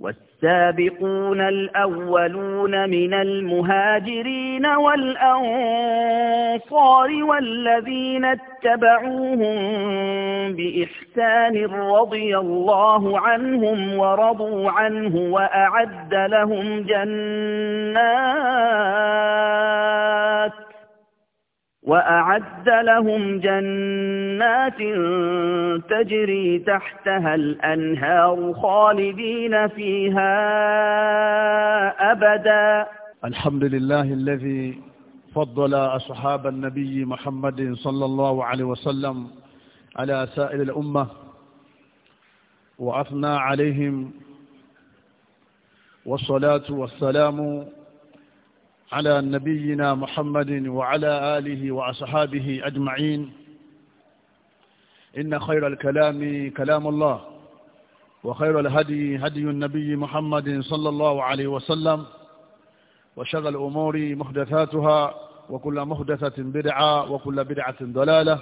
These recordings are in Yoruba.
والسابقون الأولون من المهاجرين والأنصار والذين اتبعوهم بإحسان رضي الله عنهم ورضوا عنه وأعد لهم جنات وأعد لهم جنات تجري تحتها الأنهار خالدين فيها أبدا الحمد لله الذي فضل أصحاب النبي محمد صلى الله عليه وسلم على سائر الأمة وأثنى عليهم والصلاة والسلام على نبينا محمد وعلى آله وأصحابه أجمعين إن خير الكلام كلام الله وخير الهدي هدي النبي محمد صلى الله عليه وسلم وشغل الأمور محدثاتها وكل محدثة بدعة وكل بدعة ضلالة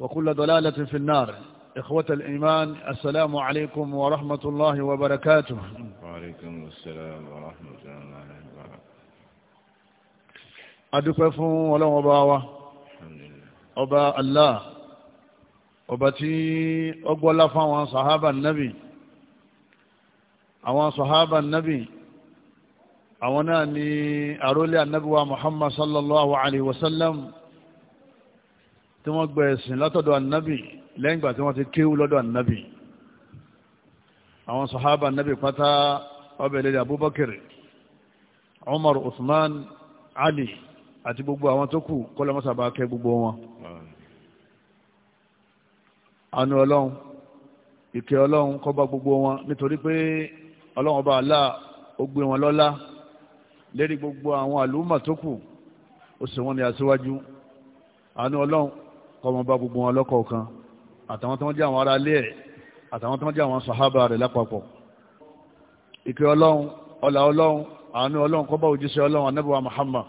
وكل ضلالة في النار إخوة الإيمان السلام عليكم ورحمة الله وبركاته وعليكم السلام ورحمة الله adúpẹ́ fún ọlọ́run ọba wa ọba Allah ọba tí ó gbọ́lá fáwọn sàhábà nábì àwọn sàhábà nábì àwọn náà ni àrólé ànábíwá Muhammad sallallahu alaihi wasallam tí wọ́n gbẹ̀ ẹ̀sìn látọ̀dọ̀ ànábì lẹ́yìn ìgbà tí wọ́n ti kéwú lọ́dọ̀ ànábì àwọn sàhábà nábì pátá ọbẹ̀ lẹ́dẹ̀ Abubakar Umar Usman Ali àti gbogbo àwọn tó kù kọ́lọ́mọ́sà bá kẹ́ gbogbo wọn àánú ọlọ́run ìkẹ́ ọlọ́run kó bá gbogbo wọn nítorí pé ọlọ́run ọba àlá ó gbé wọn lọ́lá lérí gbogbo àwọn àlùmọ̀ tó kù ó sì wọ́n ní aṣíwájú àánú ọlọ́run kó máa bá gbogbo wọn lọ́kọ̀ọ̀kan àtàwọn tó ń jẹ́ àwọn ará ẹ̀ àtàwọn tó ń jẹ́ àwọn sàhábà rẹ̀ lápapọ̀ ìkẹ́ ọlọ́run ọlá ọlọ́run àánú ọlọ́run kó bá òjíṣẹ́ ọlọ́run anábọ̀wá Muhammad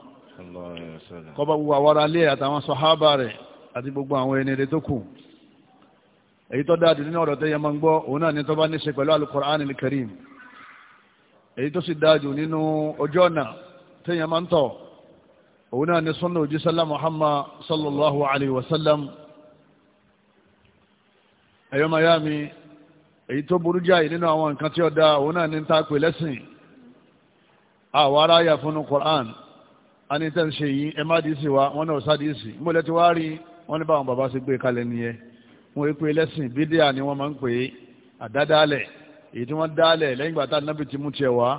kọba gbogbo àwárá lé àtàwọn sọ̀hábà rẹ̀ àti gbogbo àwọn ẹni rẹ̀ tó kù èyí tó dáa nínú ọ̀rọ̀ tó yẹ máa ń gbọ́ òun náà ni tó bá ní ṣe pẹ̀lú alukur'an al-karim èyí tó sì dáa jù nínú ọjọ́ ọ̀nà tó yẹ máa ń tọ̀ òun náà ni sunna òjísọ́lá muhammad sallallahu alayhi wa sallam ẹ̀yọ́ èyí tó burú jáì nínú àwọn nǹkan tí ó dáa òun náà ni ń ta pè lẹ́sìn àwọn aráyà fúnnu qur'an anita ń ṣe yìí ẹ má díìsì wa wọn náà sádìsì mọ́lẹ̀ tí wàá rí wọn ní báwọn bàbá ṣe gbé kalẹ̀ nìyẹn wọn èpè ẹlẹ́sìn bídíà ni wọ́n máa ń pè é àdádálẹ̀ èyí tí wọ́n dálẹ̀ lẹ́yìn ìgbà tá a nábì ti mú tiẹ̀ wá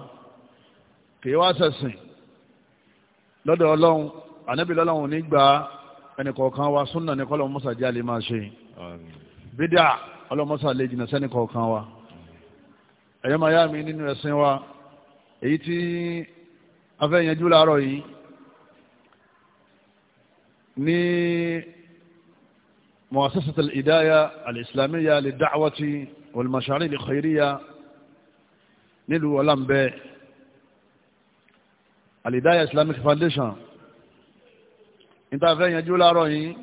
kì í wá sẹ̀sìn lọ́dọ̀ ọlọ́run ànábì lọ́lọ́run ní gba ẹnìkọ̀ọ̀kan wa súnà ní kọ́lọ́ mọ́sà jẹ́ àlè máa ṣe bídíà ọlọ́mọ́sà lè jìnnà sẹ́nìkọ̀ọ̀kan ní muasasat al-idaya al-islamiyya lid-da'wati wal-mashari' nílùú ọlámbẹ al islamic foundation ìtafẹ́ yanjú láàárọ̀ yìí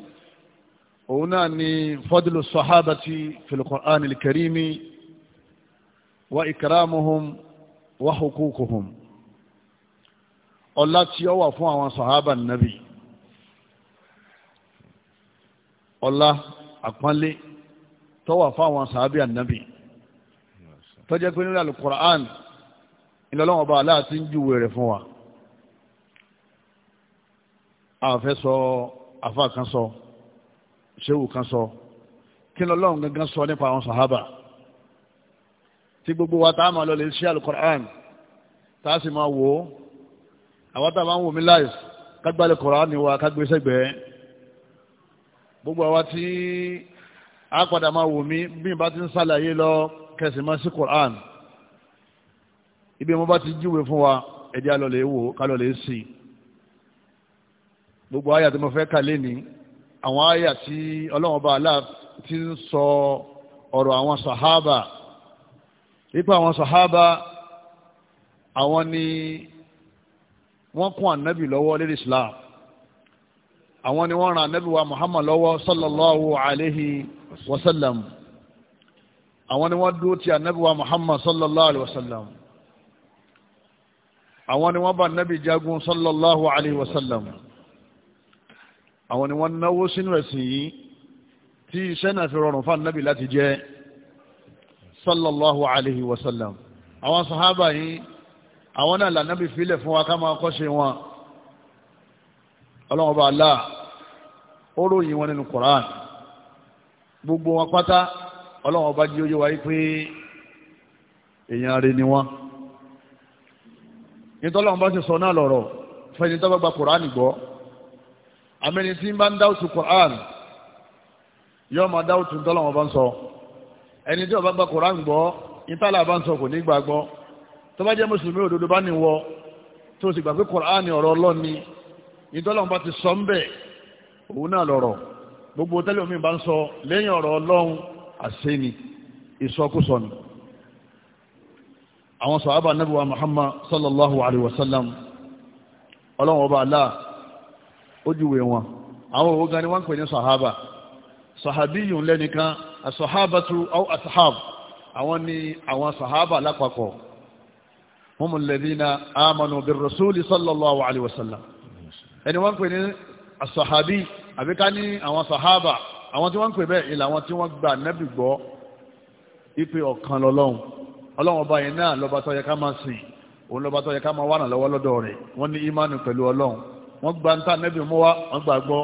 òun náà ni fadlu sahabati fil qur'an al-karimi wa ikramuhum wa hukukuhum ọlá tí ó wà fún àwọn sahaba nabi ọlá àpọ́nlé tó wà fáwọn sàábì ànábì tó jẹ́ pé nílẹ̀ alukur'an ìlọ́lọ́wọ́ bá aláàtí ń júwe rẹ̀ fún wa àfẹ́ sọ àfà kan sọ ṣéwù kan sọ kí lọ́lọ́run gangan sọ nípa àwọn sàhábà tí gbogbo wa táà máa lọ lè ṣe alukur'an táà sì máa wò àwọn táà ń wò mí láìs kágbálẹ̀ kur'an ni wa kágbé gbogbo àwa tí a padà máa wò mí bí n bá ti ń ṣàlàyé lọ kẹsì máa sí Qur'an ibi mo bá ti júwe fún wa ẹ̀dí alọ́lẹ̀ wò kálọ̀lẹ̀ sí i gbogbo àyà tí mo fẹ́ kà lẹ́ni àwọn àyà tí ọlọ́wọ́n bá aláà ti ń sọ ọ̀rọ̀ àwọn sàhábà ipa àwọn sàhábà àwọn ni wọ́n kún ànábì lọ́wọ́ lórí Islam àwọn ni wọ́n ran Ànábì wa Muhammad lọ́wọ́ sallallahu alayhi wa sallam àwọn ni wọ́n dúró ti Ànábì wa Muhammad sallallahu alayhi wa sallam àwọn ni wọ́n bá Ànábì jagun sallallahu alayhi wa sallam àwọn ni wọ́n náwó sínú ẹ̀sìn yìí tí iṣẹ́ náà fi rọrùn fún Ànábì láti jẹ́ sallallahu alayhi wa sallam àwọn sahaba yìí àwọn náà lànàbì filẹ̀ fún wa ká máa kọ́ṣe wọn ọlọ́run ọba Allah ó ròyìn wọn nínú koran gbogbo wọn pátá ọlọ́run ọba jí ó yé wa yí pé èèyàn ni wọn nítorí bá ti sọ náà lọ̀rọ̀ fẹ́ni tó bá gba Koran gbọ́ àmẹ́ni tí ń bá ń yóò máa ọba ń sọ ẹni tí gba gbọ́ bá ń sọ kò ní gbàgbọ́ tó bá jẹ́ ìtọ́lọ́run bá ti sọ ń bẹ̀ òun náà lọ̀rọ̀ gbogbo tẹ́lẹ̀ omi bá ń sọ lẹ́yìn ọ̀rọ̀ ọlọ́run àṣẹ ni ìsọkúsọ ni àwọn sàhábà Ànábì wa Muhammad sallallahu alaihi wasallam ọlọ́run ọba aláà ó júwe wọn àwọn òwò gan ni wọ́n ń pè ní sàhábà sàhábíyùn lẹ́nìkan as-sahabatu aw ashab àwọn ni àwọn sàhábà lápapọ̀ humul ladhina amanu bir rasuli sallallahu alaihi wasallam ẹni wọ́n ń pè ní asahabi àbí ká ní àwọn sahaba àwọn tí wọ́n ń pè bẹ́ẹ̀ ilà àwọn tí wọ́n gba nẹ́bì gbọ́ ipe ọ̀kan lọ́lọ́run ọlọ́run ọba yẹn náà lọ́ba tó yẹ ká máa sìn òun lọ́ba tó yẹ ká máa wà náà lọ́wọ́ lọ́dọ̀ rẹ̀ wọ́n ní ìmánu pẹ̀lú ọlọ́run wọ́n gba ń ta nẹ́bì mú wa wọ́n gbà gbọ́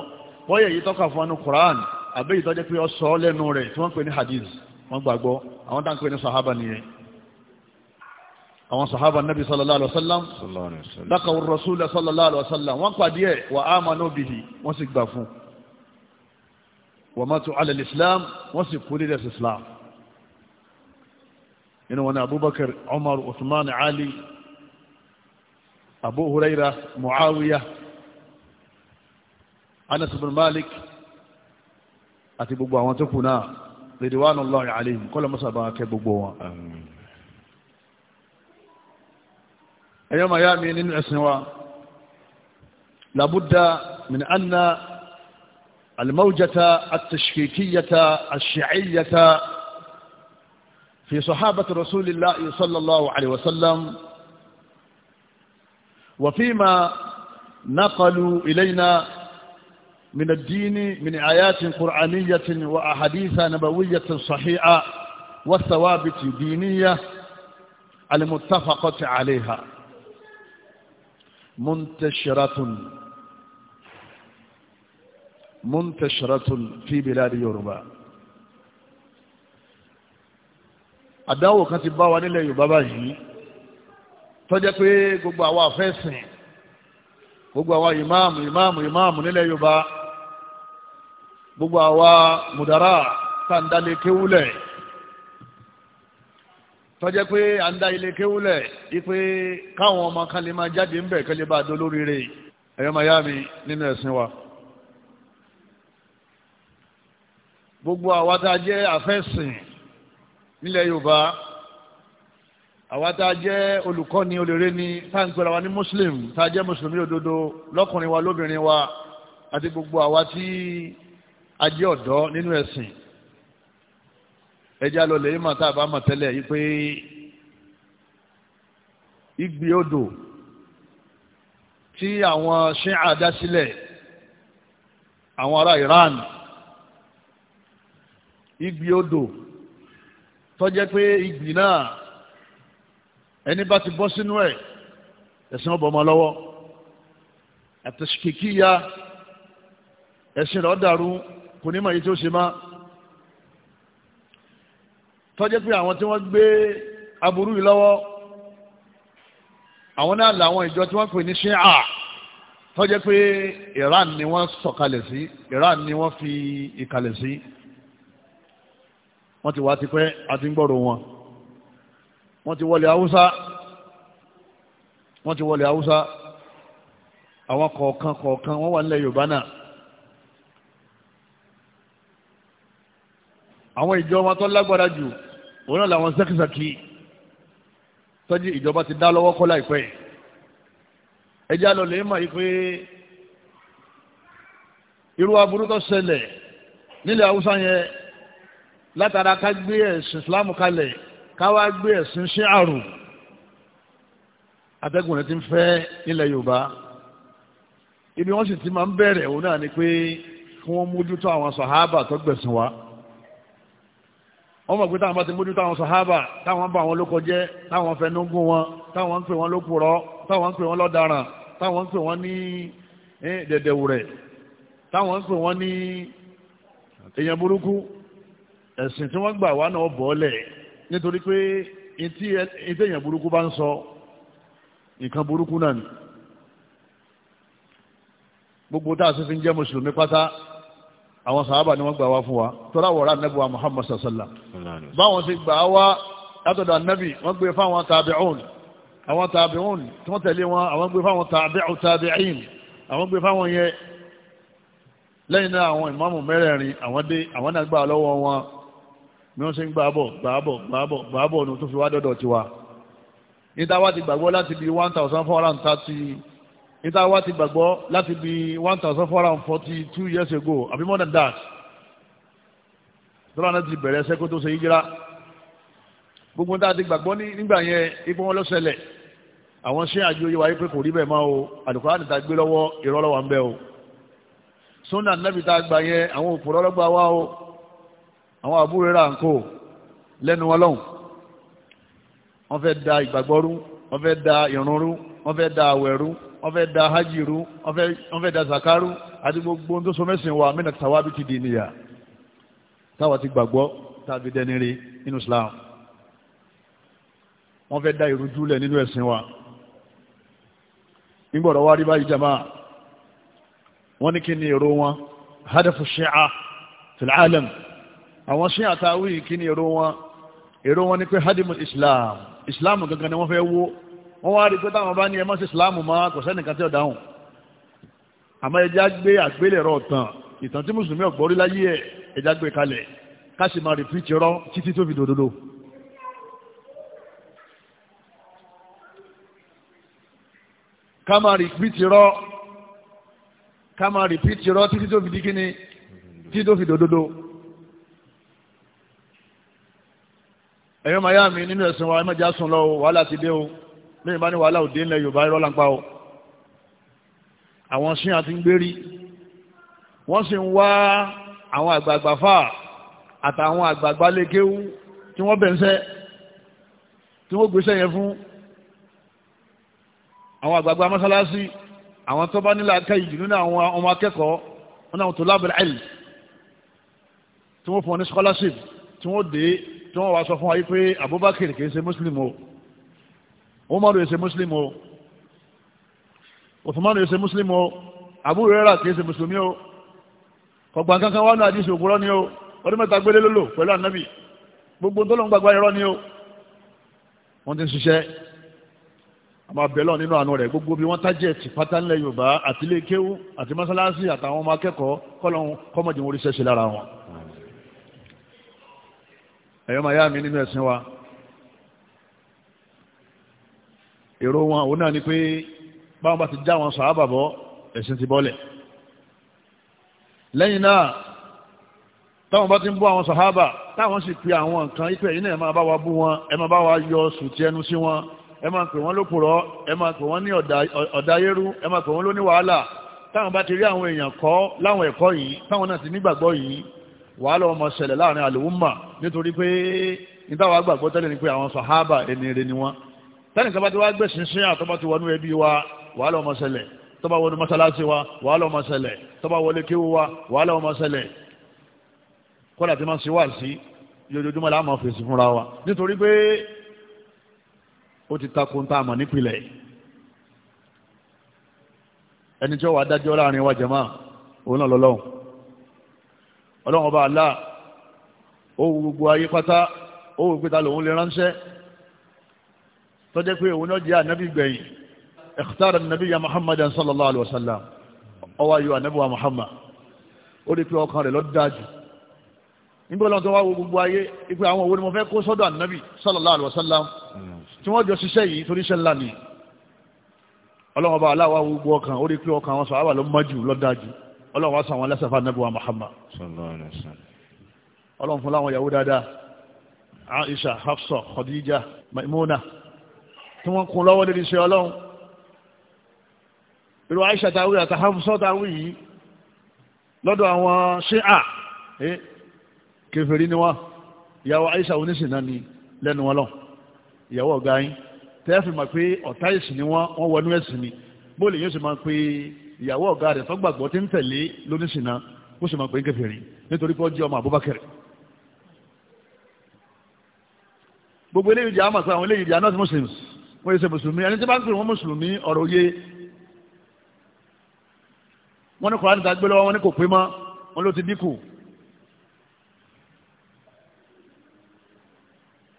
bọ́yẹ̀ yìí tọ́ka fún ọnu Quran àbí ìtọ́jẹ́ pé ọ sọ lẹ́nu rẹ̀ tí wọ́n pè ní hadith wọ́n gbà gbọ́ àwọn táwọn pè ní sahaba nìyẹn àwọn sahaba nabi sallallahu alaihi wasallam laqaw ar-rasul sallallahu alaihi wasallam wọ́n pàdé ẹ̀ wa amanu bihi wọ́n sì gbà fún wa matu ala al-islam wọ́n sì kú lílẹ̀ islam inú wọn abubakar umar usman ali abu huraira muawiya anas bin malik àti gbogbo àwọn tó kù náà ridwanullahi alaihim kọ́lọ̀ mọ́sàbá kẹ gbogbo wọn ẹ̀yọ́ يا yá mi nínú ẹ̀sìn من ان الموجة التشكيكية الشيعية في صحابة رسول الله صلى الله عليه وسلم وفيما نقلوا إلينا من الدين من آيات قرآنية وأحاديث نبوية صحيحة والثوابت دينية المتفقة عليها منتشرة منتشرة في بلاد يوروبا àdáwò kan ti bá wa nílẹ̀ yorùbá báyìí tó jẹ́ pé gbogbo àwa àfẹ́sìn gbogbo àwa ìmáàmù ìmáàmù ìmáàmù nílẹ̀ yorùbá gbogbo àwa mùdàrà tá kéwúlẹ̀ tọ́jẹ́ pé à ń dá ilé kéwúlẹ̀ ipe káwọn ọmọ kan lè máa jáde ń bẹ̀ kí lè bá a dolóríire ẹ̀yọ́ màyá mi nínú ẹ̀sìn wa. gbogbo àwa tá a jẹ́ àfẹ́sìn nílẹ̀ Yorùbá àwa tá a jẹ́ olùkọ́ni olèrè ni táǹgbẹ̀rẹ̀ wa ní muslim tá a jẹ́ mùsùlùmí òdodo lọ́kùnrin wa lóbìnrin wa àti gbogbo àwa tí a jẹ́ ọ̀dọ́ nínú ẹ̀sìn ẹjẹ́ alọ́lẹ̀ yìí mà tá a bá mọ̀ tẹ́lẹ̀ yìí pé ìgbì odò tí àwọn ṣíà dá sílẹ̀ àwọn ará Iran ìgbì odò tó jẹ́ pé ìgbì náà ẹni bá ti bọ́ sínú ẹ̀ ẹ̀sìn ọbọ̀ ọmọ lọ́wọ́ àtẹ̀síkìkì ya ẹ̀sìn rẹ̀ ọ̀dàrú kò ní mọ̀ èyí tí ó ṣe máa tọ́jẹ́ pé àwọn tí wọ́n gbé aburú yìí lọ́wọ́ àwọn náà làwọn ìjọ tí wọ́n pè ní ṣíà tọ́jẹ́ pé Iran ni wọ́n sọ̀kalẹ̀ sí Iran ni wọ́n fi ìkalẹ̀ sí wọ́n ti wá ti pẹ́ àti gbọ́rọ̀ wọn wọ́n ti wọlé haúsá wọ́n ti wọlé haúsá àwọn kọ̀ọ̀kan kọ̀ọ̀kan wọ́n wà nílẹ̀ Yorùbá náà àwọn ìjọba tó lágbára jù òun náà làwọn sákìsákì tọ́jú ìjọba ti dá lọ́wọ́ kọ́ láìpẹ́ ẹjẹ́ àlọ́ lè mọ̀ pé irú aburú tó ṣẹlẹ̀ nílẹ̀ haúsá yẹn látara ká gbé ẹ̀sìn islam kalẹ̀ ká wá gbé ẹ̀sìn ṣé àrùn atẹ́gùn rẹ̀ ti ń fẹ́ nílẹ̀ yorùbá ibi wọ́n sì ti máa ń bẹ̀rẹ̀ òun náà ni pé kí wọ́n mójútó àwọn sàhábà tó gbẹ̀sìn wa wọ́n mọ̀ pé táwọn bá ti mójú táwọn sàhábà táwọn bá wọn lóko jẹ́ táwọn fẹnugún wọn táwọn ń pè wọn lókùrọ́ táwọn ń pè wọn lọ́daràn táwọn ń pè wọn ní dẹ̀dẹ̀wùrẹ̀ táwọn ń pè wọn ní èèyàn burúkú ẹ̀sìn tí wọ́n gbà wá náà bọ́ọ̀lẹ̀ nítorí pé ìtí èèyàn burúkú bá ń sọ nǹkan burúkú náà ni gbogbo táà sì fi ń jẹ́ mùsùlùmí pátá àwọn sàábà ni wọ́n gbà wá fún wa tọ́lá wọ̀rá nẹ́bù wa muhammad sassala báwọn ti gbà wá látọ̀dọ̀ nẹ́bì wọ́n gbé fáwọn tàbí'ún àwọn tàbí'ún tí wọ́n tẹ̀lé wọn àwọn gbé fáwọn tàbí'ù tàbí'ìn àwọn gbé fáwọn yẹn lẹ́yìn náà àwọn ìmáàmù mẹ́rẹ̀ẹ̀rin àwọn dé àwọn náà gbà lọ́wọ́ wọn ni wọ́n ṣe ń gbà bọ̀ gbà bọ̀ gbà bọ̀ gbà bọ̀ ní tó fi wá dọ́dọ̀ tiwa ní táwa ti gbàgbọ́ láti bí one thousand four hundred and thirty níta wá ti gbàgbọ́ láti bí one thousand four hundred and forty two years ago àbí more than that tọ́lá náà ti bẹ̀rẹ̀ ẹsẹ̀ kó tó ṣe yíjira gbogbo níta ti gbàgbọ́ nígbà yẹn ipò wọn lọ́sẹ̀lẹ̀ àwọn ṣé àjò yìí wáyé pé kò rí bẹ́ẹ̀ máa o àdùkọ́ àti ta gbé lọ́wọ́ irọ́ lọ́wọ́ ń bẹ́ o sunna nabi ta gbà yẹn àwọn òpòrọ́ lọ́gbà wá o àwọn àbúrò rà ń kó lẹ́nu ọlọ́run wọ́n fẹ́ da ìgbàgbọ́rú wọ́n fẹ́ da ìrúnrú wọ́n fẹ́ da àwẹ̀rú wọ́n fẹ́ da hajj rú wọ́n fẹ́ da zakaru àti gbogbo tó so mẹ́sìn wa mẹ́nà tàwa bí ti di nìyà táwa ti gbàgbọ́ tàbí dẹni rí nínú Islam wọ́n fẹ́ da ìrújú lẹ̀ nínú ẹ̀sìn wa nígbọ̀dọ̀ wá rí báyìí jamaa wọ́n ní kí ni èrò wọn hadafu ṣíà fìlàálẹ̀m àwọn ṣíà táwí kí ni èrò wọn èrò wọn ni pé hadimu Islam Islam gangan ni wọ́n fẹ́ wó wọ́n wá rí pé táwọn bá ní ẹ má ṣe ìsìláàmù mọ́ kò sẹ́nìkan tí ó dáhùn àmọ́ ẹja gbé àgbélẹ̀rọ tàn ìtàn tí mùsùlùmí ọ̀gbọ́rí láyé ẹ̀ ẹja gbé kalẹ̀ ká sì máa rìpí ti rọ́ títí tó fi dòdòdò. ká máa rìpí ti rọ́ ká máa rìpí ti rọ́ títí tó fi di kíni títí tó fi dòdòdò. ẹ̀yọ́ màyá mi nínú ẹ̀sìn wa ẹ̀ mọ̀já sùn lọ wàhálà ti dé o lẹ́yìn bá ní wàhálà òde ńlẹ̀ yorùbá irọ́ lápá o àwọn sin àti ń gbérí wọ́n sì ń wá àwọn àgbààgbà fà àtàwọn àgbààgbà lékéwú tí wọ́n bẹ̀nsẹ́ tí wọ́n gbéṣẹ́ yẹn fún àwọn àgbààgbà mọ́sálásí àwọn tó bá nílà ká ìjì nínú àwọn ọmọ akẹ́kọ̀ọ́ wọn náà tó lábẹ́rẹ́ àìlì tí wọ́n fún ọ ní scholarship tí wọ́n dé tí wọ́n wá sọ fún wa yí pé Abubakar kìí ṣe muslim o. Umaru yẹsẹ muslim o oh. Uthmanu yẹsẹ muslim o oh. Abu Hurairah kìí ṣe mùsùlùmí o oh. kọgbà kankan wà ní àdìsí òkúrọ́ ni o ọdún mẹ́ta gbélé lólò pẹ̀lú ànábì gbogbo tó lọ́n gbàgbà irọ́ ni o wọ́n ti ń ṣiṣẹ́ àmọ́ abẹ́lọ́ nínú àánú rẹ̀ gbogbo bí wọ́n tájẹ̀ tì pátá ńlẹ̀ Yorùbá àti ilé kéwú àti mọ́sálásí àtàwọn ọmọ akẹ́kọ̀ọ́ kọ́lọ́hún kọ́mọ̀dé wọn oríṣẹ́ ṣe lára wọn ẹ̀yọ́ máa yá mi nínú ẹ̀sìn wa èrò wọn òun náà ni pé báwọn bá ti já wọn sàábà bọ́ ẹ̀sìn ti bọ́lẹ̀ lẹ́yìn náà táwọn bá ti ń bú àwọn sàábà táwọn sì pe àwọn nǹkan ipe ẹ̀yin náà ẹ máa bá wa bú wọn ẹ máa bá wa yọ sùtì ẹnu sí wọn ẹ máa pè wọ́n lópùrọ́ ẹ máa pè wọ́n ní ọ̀dáyérú ẹ máa pè wọ́n lóní wàhálà táwọn bá ti rí àwọn èèyàn kọ́ láwọn ẹ̀kọ́ yìí táwọn náà ti nígbàgbọ́ yìí wàhálà ọmọ ṣẹlẹ̀ láàrin àlùwùmà nítorí pé nítawọn àgbàgbọ́ tẹ́lẹ̀ ni pé àwọn sàábà ẹni ni wọ́n tẹ́nì kan bá ti wá gbẹ̀sìn sí àtọ́ bá ti wọnú ẹbí wa wàhálà ọmọ ṣẹlẹ̀ tó bá wọnú mọ́sálásí wa wàhálà ọmọ ṣẹlẹ̀ tó bá wọlé kéwú wa wàhálà ọmọ ṣẹlẹ̀ kọ́dà tí máa ń ṣe wá sí lójoojúmọ́ la máa fèsì fúnra wa nítorí pé ó ti takò ń ta àmọ̀ nípìnlẹ̀ ẹni tí ó wà dájọ́ láàrin wa jẹ̀mọ́ òun náà lọ́lọ́run ọlọ́run ọba àlá ó wù gbogbo ayé pátá ó wù pé tọ́jẹ́ pé òun náà jẹ́ ànábì gbẹ̀yìn ẹ̀kútàrà nàbí ya muhammadan sallallahu alaihi wasallam ọwọ́ ayò ànábì wa muhammad ó rí pé ọkàn rẹ̀ lọ dájú nígbà lọ́n tó wá wo gbogbo ayé ipò àwọn òwò ni mo fẹ́ kó sọ́dọ̀ ànábì sallallahu alaihi wasallam tí wọ́n jọ ṣiṣẹ́ yìí torí iṣẹ́ ńlá ni ọlọ́wọ́n bá aláwọ̀ gbogbo ọkàn ó rí pé ọkàn àwọn sọ̀rọ̀ ló mọ́jú lọ dájú tí wọ́n kún lọ́wọ́ lórí iṣẹ́ ọlọ́run irú Aisha tawí àti Hafsa tawí yìí lọ́dọ̀ àwọn ṣíà kèfèrí ni wọ́n ìyàwó Aisha oníṣìnà ni lẹ́nu wọn lọ ìyàwó ọ̀gá yín tẹ́ẹ̀fì mọ̀ pé ọ̀tá ìsìn ni wọ́n wọ́n wọnú ẹ̀sìn ni bóòlù yóò sì máa pe ìyàwó ọ̀gá rẹ̀ fọ́gbàgbọ́ tí ń tẹ̀lé lóníṣìnà ó sì máa pe kèfèrí nítorí pé ó jẹ́ ọmọ Abubakar gbogbo eléyìí jẹ́ àmọ̀ sí àwọn eléyìí jẹ́ not Muslims wọ́n yẹ sẹ́ mùsùlùmí ẹni tí bá ń pè wọ́n mùsùlùmí ọ̀rọ̀ òye wọ́n ní kọ́ra níta gbé lọ́wọ́ wọn ní kò pé mọ́ wọn ló ti dínkù.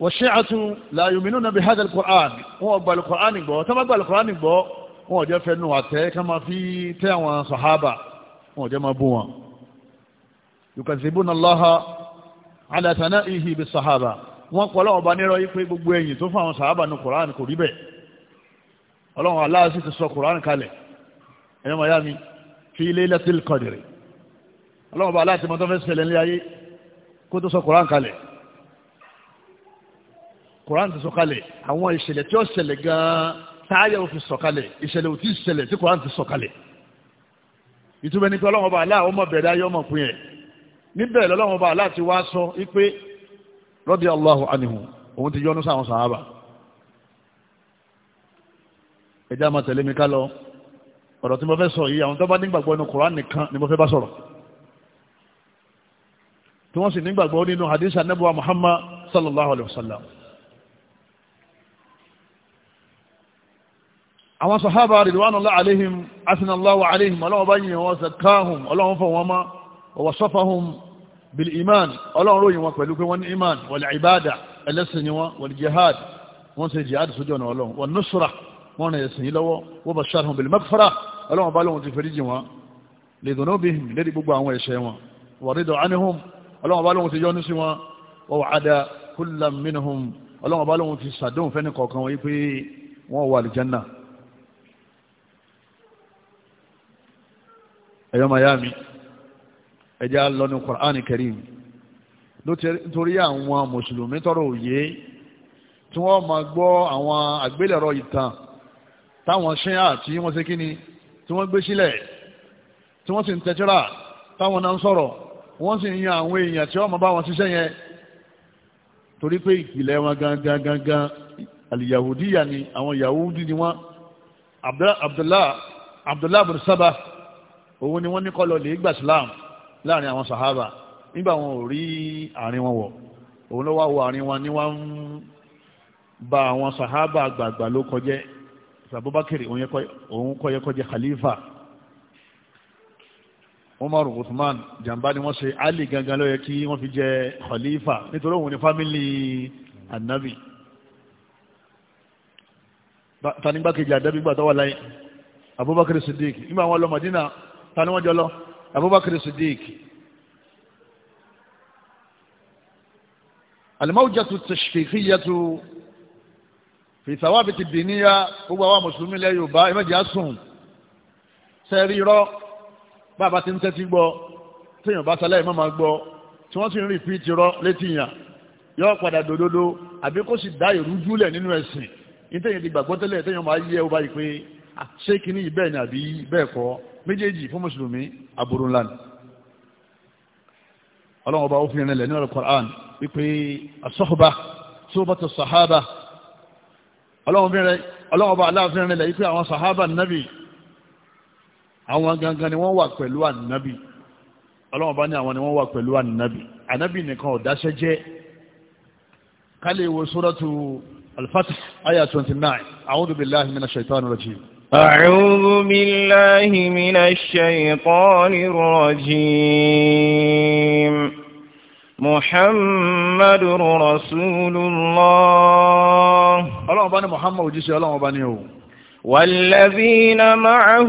wọ́n ṣe àtú làyùmínú nàbí hadal quran wọn ò gbàlù quran gbọ́ tó bá gbàlù quran gbọ́ wọn ò jẹ́ fẹnu àtẹ ká máa fi tẹ́ àwọn sàhábà wọn ò jẹ́ máa bú wọn. yukazibuna allaha ala sanaihi bis sahaba wọ́n pọ̀ ọlọ́run ọba nírọ́ yí pé gbogbo ẹ̀yìn tó fáwọn sàábà ní kòrán kò rí bẹ́ẹ̀ ọlọ́run Allah sì ti sọ kòrán kalẹ̀ ẹ̀yọ́ màá yá mi fi Laylatul Qadr ọlọ́run ọba Allah ti mọ tó fẹ́ ṣẹlẹ̀ ní ayé kó tó sọ kòrán kalẹ̀ kòrán ti sọ kalẹ̀ àwọn ìṣẹ̀lẹ̀ tí ó ṣẹlẹ̀ gan-an táyà ò fi sọ kalẹ̀ ìṣẹ̀lẹ̀ ò tí ì ṣẹlẹ̀ tí kòrán ti sọ kalẹ̀ ìtumẹ̀ ní pé ọlọ́run ọba Allah ọmọ bẹ̀rẹ̀ ayé ọmọ ẹ̀ níbẹ̀ lọ́lọ́run ọba Allah ti wá sọ wípé radiyallahu anhu òun ti yọ́nú sáwọn sàhábà ẹjá máa tẹ̀lé mi ká lọ ọ̀rọ̀ tí mo fẹ́ sọ yìí àwọn tó bá nígbàgbọ́ nínú Kùránì nìkan ni mo fẹ́ bá sọ̀rọ̀ tí wọ́n sì nígbàgbọ́ nínú hadith anabuwa Muhammad sallallahu alayhi wa sallam àwọn sàhábà ridwanullahi alayhim asinallahu alayhim ọlọ́wọ́ bá yìnyín wọn sàkáhùn ọlọ́wọ́ fọ̀ wọn mọ́ ọwọ́ sọ́fàhùn bil iman ọlọ́run ròyìn wọn pẹ̀lú pé wọ́n ní iman wal ibada ẹlẹ́sìn ni wọ́n wal jihad wọ́n ṣe jihad sójú ọ̀nà ọlọ́run wal nusra wọ́n rẹ̀ ẹ̀sìn lọ́wọ́ wọ́n basharhum bil maghfira ọlọ́run bá lóhun ti fẹ́ríjì wọn li dhunubihim lédi gbogbo àwọn ẹ̀ṣẹ̀ wọn wa rida anhum ọlọ́run bá lóhun ti yọ́nú sí wọn wa wa'ada kullam minhum ọlọ́run bá lóhun ti sàdóhùn fẹ́ni kọ̀ọ̀kan wọn pé wọ́n wà àlìjánná ẹ̀yọ́ miami ẹjá lọ́nu Qur'an Karim nítorí àwọn mùsùlùmí tọrọ òye tí wọ́n máa gbọ́ àwọn àgbélẹ̀rọ ìtàn táwọn ṣíà tí wọ́n ṣe kí ni tí wọ́n gbé sílẹ̀ tí wọ́n sì ń tẹ́tíra táwọn náà ń sọ̀rọ̀ wọ́n sì ń yan àwọn èèyàn tí wọ́n máa bá wọn ṣiṣẹ́ yẹn torí pé ìpìlẹ̀ wọn gangan gangan alìyahudíyà ni àwọn yahudi ni wọ́n Abdullah Abdullah bin Saba òun ni wọ́n ní kọlọ̀ lè gbà Islam láàrin àwọn sàhábà nígbà wọn ò rí àárín wọn wọ̀ òun ló wá wo àárín wọn ni wọ́n ń ba àwọn sàhábà àgbààgbà ló kọjẹ́ sàbúbákiri òun kọjẹ́ kọjẹ́ khalifa umar usman jàmbá ni wọ́n ṣe ali gangan ló yẹ kí wọ́n fi jẹ khalifa nítorí òun ni fámìlì annabi tanigbákejì àdábígbà tó wà láyé abubakar siddiq nígbà wọn lọ madina tani wọn jọ lọ abubakar siddiq alimawujatu tashkikiyatu fi thawabiti diniya gbogbo àwọn mùsùlùmí ilẹ̀ yorùbá ìmẹ̀jẹ̀ sùn sẹ́rí irọ́ bàbá ti ń tẹ́tí gbọ́ téèyàn bá sálẹ̀ ìmọ̀ máa gbọ́ tí wọ́n ti ń rìpíìtì irọ́ létí yàn yọ padà dòdòdó àbí kó sì dá ìrújúlẹ̀ nínú ẹ̀sìn ní téèyàn ti gbàgbọ́ tẹ́lẹ̀ téèyàn máa yẹ ọba yìí pé ah, ṣé kínní yìí bẹ́ẹ̀ ni àbí bẹ́ẹ̀ kọ́ méjèèjì fún mùsùlùmí aburú ńlá ni ọlọ́run ọba òfin ìrìnlẹ̀ nínú Al-Qur'an wípé asọ́ọ̀bá sóbàtà sàhábà ọlọ́run ọba aláàfin ìrìnlẹ̀ wípé àwọn sàhábà nàbì àwọn gangan ni wọ́n wà pẹ̀lú ànábì ọlọ́run ọba ní àwọn ni wọ́n wà pẹ̀lú ànábì ànábì nìkan ò dáṣẹ́ jẹ́ kálí ìwòsóràtù Al-Fath ayah 29 a'udhu billahi minash shaitani rajim أعوذ بالله من الشيطان الرجيم محمد رسول الله الله أباني محمد وجيسي الله أباني والذين معه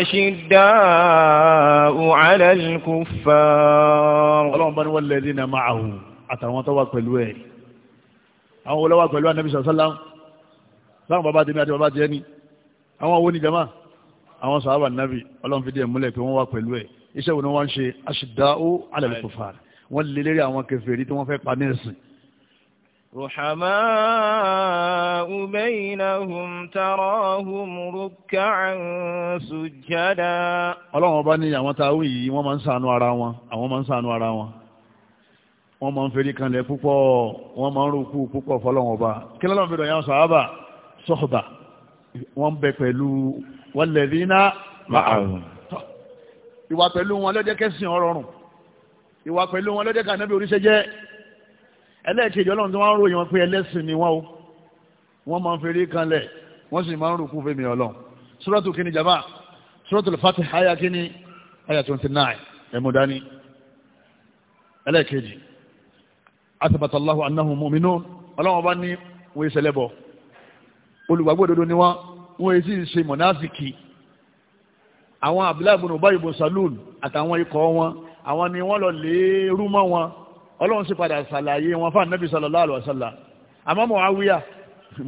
أشداء على الكفار الله أباني والذين معه أتعوان تواك بالويل أعوان تواك بالويل صلى الله عليه وسلم سلام بابا دمي أتي بابا دمي àwọn owó ní jama àwọn sàhábà nàbì ọlọ́run fi dé múlẹ̀ pé wọ́n wà pẹ̀lú ẹ̀ iṣẹ́ wo ni wọ́n ń ṣe aṣìdáwó alẹ́ kufar wọ́n lè lérí àwọn kèfèrí tí wọ́n fẹ́ pa ní ẹ̀sìn رحماء بينهم تراهم ركعا سجدا ọlọ́run ọba ní àwọn táwí yìí wọ́n máa ń ṣàánú ara wọn àwọn máa ń ṣàánú ara wọn wọ́n máa ń fẹ́rí kanlẹ̀ púpọ̀ wọ́n máa ń rúkú púpọ̀ fọlọ́run ọba kí lọ́lọ́run fi dọ̀yàn wọ́n bẹ pẹ̀lú walladhina ma'ahum ìwà pẹ̀lú wọn lọ́jẹ́ kẹsìn ọ̀rọ̀rùn ìwà pẹ̀lú wọn lọ́jẹ́ kànábì oríṣẹ́ jẹ́ ẹlẹ́ẹ̀kejì ọlọ́run tí wọ́n ń ròyìn wọn pé ẹlẹ́sìn ni wọ́n o wọ́n máa ń feré kanlẹ̀ wọ́n sì máa ń rùkú fèmí ọlọ́run sọ́rọ́tù kìíní jama sọ́rọ́tù fati haya kìíní haya twenty nine ẹ̀múdání ẹlẹ́ẹ̀kejì asibatallahu annahu mu'minun ọlọ́run ọba ní wọ́n ìṣẹ̀lẹ̀ bọ̀ olùgbàgbọ́ òdodo ni wọ́n wọ́n èsì ṣe mọ̀náfìkì àwọn abdullahi ibn Ubay ibn Salul àtàwọn ikọ̀ wọn àwọn ni wọ́n lọ lè rú mọ́ wọn ọlọ́run sì padà ṣàlàyé wọn fún anabi sallallahu alaihi wasallam àmọ́ Muawiya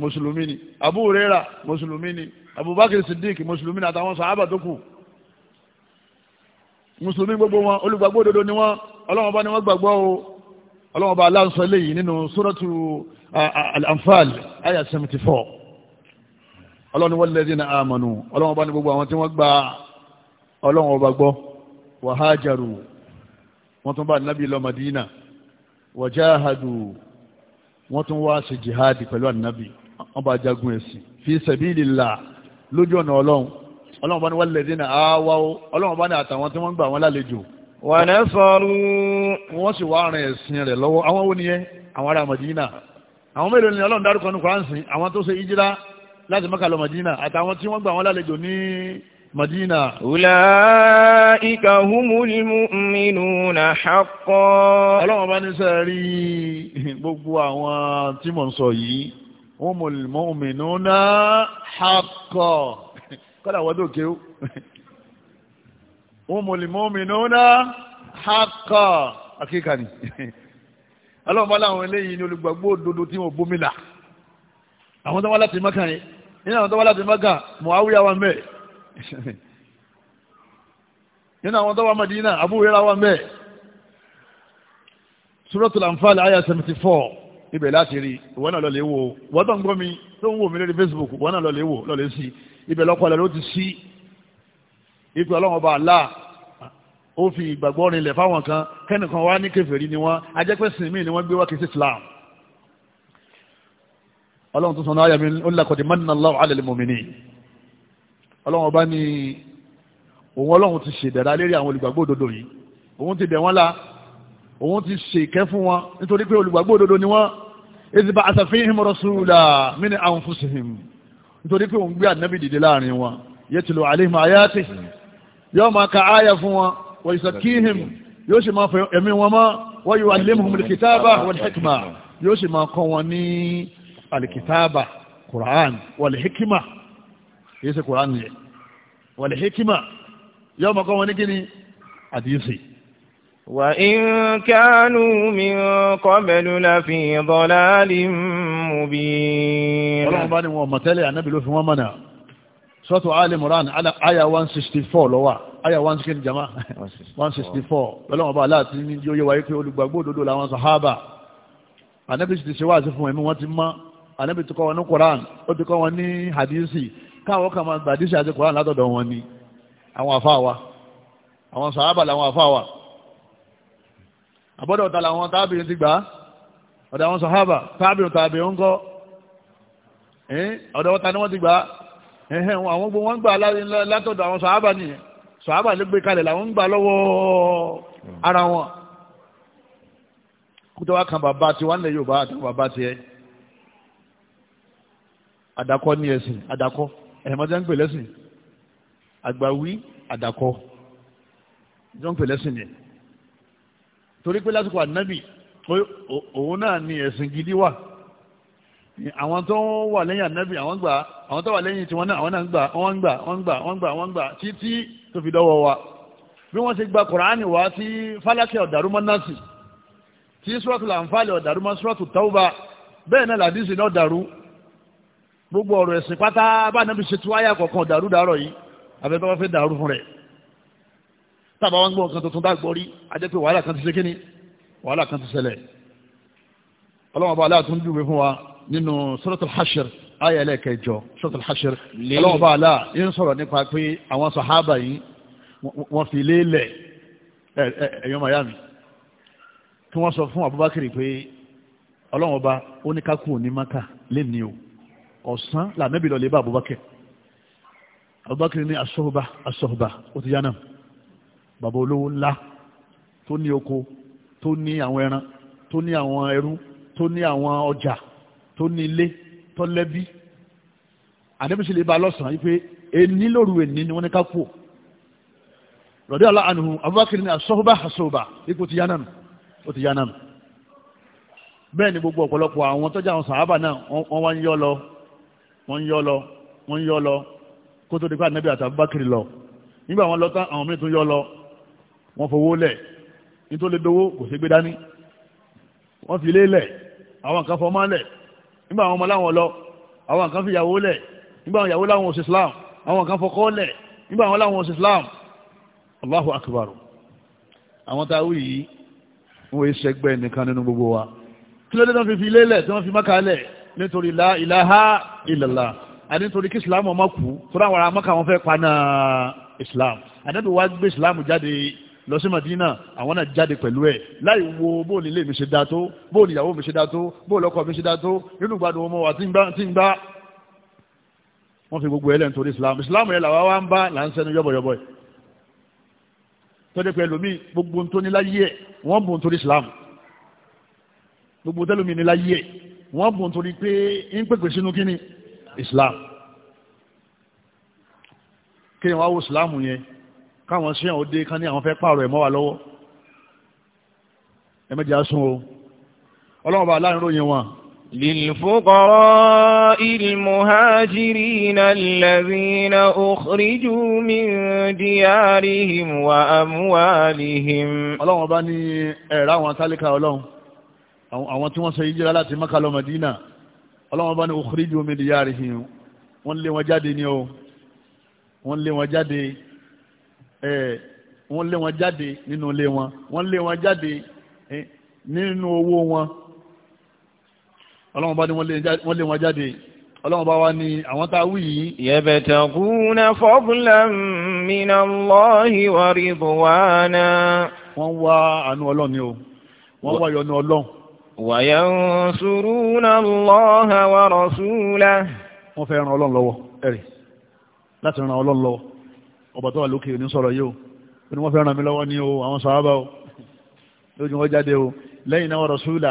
mùsùlùmí ni Abu Huraira mùsùlùmí ni Abubakar Siddiq mùsùlùmí ni àtàwọn sàhábà tó kù mùsùlùmí gbogbo wọn olùgbàgbọ́ òdodo ni wọ́n ọlọ́run bá ni wọ́n gbàgbọ́ o ọlọ́run bá aláǹsọ eléyìí nínú suratu al-Anfal ayah ọlọ́run wọ́n lẹ́dí na àmànù ọlọ́run ọba ní gbogbo àwọn tí wọ́n gba ọlọ́run ọba gbọ́ wa hajaru wọ́n tún bá nábì lọ Madina wa jahadu wọ́n tún wá ṣe jihadi pẹ̀lú ànábì wọ́n bá jagun ẹ̀sìn fi sabilillah lójú ọ̀nà ọlọ́run ọlọ́run ọba ní wọ́n lẹ́dí na àwáwó ọlọ́run ọba ní àtàwọn tí wọ́n gbà wọ́n lálejò wa nasaru wọ́n sì wá láti Mákà lọ Madina àtàwọn tí wọ́n gbà wọ́n lálejò ní Madina. Ulaika humul mu'minuna haqqan. Ọlọ́run bá ní sẹ́rí gbogbo àwọn tí mò ń sọ yìí, humul mu'minuna haqqan. Kọ́lá wọ́n tó kéwú. Humul mu'minuna haqqan. Akíkà ni. Ọlọ́run bá láwọn eléyìí ní olùgbàgbọ́ òdodo tí wọ́n bómi là. Àwọn tó wá láti Mákà yẹn nínú àwọn tó wá láti Mẹ́kà Muawiya wà ńbẹ̀ nínú àwọn tó wá Madina Abu Hurairah wà ńbẹ̀ Suratul Anfal àyà 74 four ibẹ̀ láti rí ìwọ náà lọ́lẹ̀ wò wọ́n tó ń gbọ́ mi tó ń wò mí lórí Facebook wọ́n náà lọ́lẹ̀ wò lọ́lẹ̀ sí ibẹ̀ lọ́kọ̀ọ́lẹ̀ ló ti sí ipò ọlọ́run ọba àlá ó fi ìgbàgbọ́ rinlẹ̀ fáwọn kan kẹ́nìkan wá ní kèfèrí ni wọ́n ajẹ́pẹ́sìn míì ni wọ́n gbé wá kí sí Islam ọlọ́run tó sọ náà yàmí olùlàkọ̀dì mannallahu ala al-mu'minin ọlọ́run ọba ní òun ọlọ́run ti ṣèdẹ̀ra lérí àwọn olùgbàgbọ́ òdodo yìí òun ti bẹ̀ wọ́n la òun ti ṣèkẹ́ fún wọn nítorí pé olùgbàgbọ́ òdodo ni wọ́n idh ba'atha fihim rasula min anfusihim nítorí pé òun gbé ànábì dìde láàrin wọn yatlu alayhim ayatihi yóò máa ka áyà fún wọn wa yuzakkihim yóò sì máa fẹ ẹ̀mí wọn mọ́ wa yóò sì alikitaba quran walihikima yìí ṣe quran yẹ walihikima yóò mọ̀kọ́ wọn ní kí ni àdìsí. wà in kanu min qablu lafi dalalin mubin. ọlọ́run bá ní wọn mọ̀tẹ́lẹ̀ ànábì ló fi wọ́n mọ̀nà sọ́tù alimuran aya one sixty four aya one sixty jama one sixty four lọ́lọ́wọ́n bá aláàtí ní yóò yẹ wáyé pé olùgbàgbọ́ òdodo làwọn sàhábà ànábì sì ti ṣe wáàsí fún ẹ̀mí wọ́n ti mọ́ ànábì ti kọ́ wọn ní koran ó ti kọ́ wọn ní hadisi káwọn kan máa gba hadisi àti koran látọ̀dọ̀ wọn ni àwọn àfa wa àwọn sàábà làwọn àfa wa àbọ̀dọ̀ ọ̀tà làwọn tábìrin ti gbà á ọ̀dọ̀ àwọn sàábà tábìrin tábìrin ń kọ́ ọ̀dọ̀ ọ̀tà ni wọ́n ti gbà á àwọn gbogbo wọn gbà látọ̀dọ̀ àwọn sàábà nìyẹn sàábà ló gbé kalẹ̀ làwọn ń gbà lọ́wọ́ ara wọn kótó kan bàbá tiwa nílẹ̀ Yorùbá àti bàbá tiẹ̀ àdàkọ ní ẹ̀sìn àdàkọ ẹ̀hẹ̀mọ́tẹ́ ń pè lẹ́sìn àgbàwí àdàkọ jọ ń pè lẹ́sìn yẹn torí pé lásìkò ànábì òun náà ni ẹ̀sìn gidi wà àwọn tó wà lẹ́yìn ànábì àwọn gbà àwọn tó wà lẹ́yìn tiwọn náà àwọn náà ń gbà wọ́n ń gbà wọ́n ń gbà wọ́n ń gbà wọ́n ń gbà títí tó fi dọ́wọ́ wa bí wọ́n ti gba kùránì wá sí fálákẹ́ ọ̀dàrúmọ́ násì tí sọ́ọ̀tù làǹfààlì ọ̀dàrúmọ́ sọ́ọ̀tù tàwùbà bẹ́ẹ̀ náà làdísì náà dàrú gbogbo ọ̀rọ̀ ẹ̀sìn pátá bá nàbí ṣètò àyà kọ̀ọ̀kan dàrú dàrọ̀ yìí àbẹ̀tọ́ bá fẹ́ dàrú fún rẹ̀ tábà wọn gbọ́ nǹkan tuntun bá gbọ́ rí ajẹ́ pé wàhálà kan ti ṣe kíni wàhálà kan ti ṣẹlẹ̀ ọlọ́wọ́n bá aláàtún júwe fún wa nínú suratul hashir àyà ẹlẹ́kẹjọ suratul hashir ọlọ́wọ́n bá aláà ń sọ̀rọ̀ nípa pé àwọn sàhábà yìí wọ́n fi lélẹ̀ ẹ̀yọ́ miami kí wọ́n sọ fún Abubakar pé ọlọ́wọ́n bá ó ní maka lé o ọ̀sán lànàbì lọ lè bá Abubakar Abubakar ní asọ́ọ̀bá asọ́ọ̀bá ó ti yánà bàbá olówó ńlá tó ní oko tó ní àwọn ẹran tó ní àwọn ẹrú tó ní àwọn ọjà tó ní ilé tó lẹ́bí ànàbì sì lè bá lọ́sàn-án wípé ẹni lóru ẹni ni wọ́n ní ká kú rọ̀dí àlá ànùhùn Abubakar ní asọ́ọ̀bá asọ́ọ̀bá ipò ti yánà ó ti yánà bẹ́ẹ̀ ni gbogbo ọ̀pọ̀lọpọ̀ àwọn tọ́jà àwọn sàhábà náà wọ́n wá ń yọ́ lọ wọ́n ń yọ́ lọ wọ́n ń yọ́ lọ kó tó di pé ànábì àti Abubakar lọ nígbà wọn lọ tán àwọn míì tún yọ́ lọ wọ́n fowó lẹ̀ nítorí dowó kò sí gbé dání wọ́n fi ilé lẹ̀ àwọn kan fọmọ́ lẹ̀ nígbà àwọn ọmọ láwọn lọ àwọn kan fi ìyàwó lẹ̀ nígbà àwọn ìyàwó láwọn òsì Islam àwọn kan fọkọ́ lẹ̀ nígbà àwọn láwọn òsì Islam Allahu akbar àwọn tá a wí yìí wọ́n ṣẹgbẹ́ nìkan nínú gbogbo wa kí ló dé tán fi fi ilé lẹ̀ tí wọ́n fi Mákà lẹ̀ nítorí la ilaha illallah kí islam ọmọ kú fúnra wọn amọ́ka wọn fẹ́ paná islam ànábì wá gbé islam jáde lọ sí madina àwọn náà jáde pẹ̀lú ẹ̀ láì wo bóòlù ilé mi ṣe dá tó bóòlù ìyàwó mi ṣe dá tó bóòlù ọkọ mi ṣe dá tó nínú gbádùn ọmọ wa tí ń gbá wọ́n fi gbogbo ẹlẹ́ nítorí islam islam yẹn làwa wá ń bá là ń sẹ́nu yọ́bọ̀yọ́bọ̀ ẹ̀ tọ́jú pé ẹlòmíì gbogbo ntoni láyé ẹ̀ wọ́n bù nítorí islam gbogbo tẹ́lómi ni láyé ẹ̀ wọ́n bùn torí pé ń pèpè sínú kíni Islam kí ni wọ́n wo Islam yẹn káwọn ṣíyàn ó dé kán ní àwọn fẹ́ pààrọ̀ ẹ̀mọ́ wa lọ́wọ́ ẹ̀mẹ́jà sún o ọlọ́run bá láàrin ròyìn wọn. للفقراء المهاجرين الذين أخرجوا من ديارهم وأموالهم ọlọ́run bá ní ẹ̀rá wọn tálíkà ọlọ́run àwọn tí wọ́n ṣe hijira láti Mákà lọ Mádínà ọlọ́wọ́n bá ní ukhriju min diyarihim wọ́n lé wọn jáde ní o wọ́n lé wọn jáde ẹ̀ wọ́n lé wọn jáde nínú ilé wọn wọ́n lé wọn jáde nínú owó wọn ọlọ́wọ́n bá ní wọ́n lé wọn jáde ọlọ́wọ́n bá wá ní àwọn tá a wí yìí. yabtaguna fadlan min Allahi wa ridwana. wọ́n wá àánú ọlọ́run o wọ́n wá yọ́nú ọlọ́run. وينصرون الله ورسوله wọ́n fẹ́ ran ọlọ́run lọ́wọ́ ẹ̀rì láti ran ọlọ́run lọ́wọ́ ọba tó wà lókè ní sọ̀rọ̀ yìí o ni wọ́n fẹ́ ran mi lọ́wọ́ ní o àwọn sàhábà o lójú wọn jáde o lẹ́yìn náà rọ̀súlà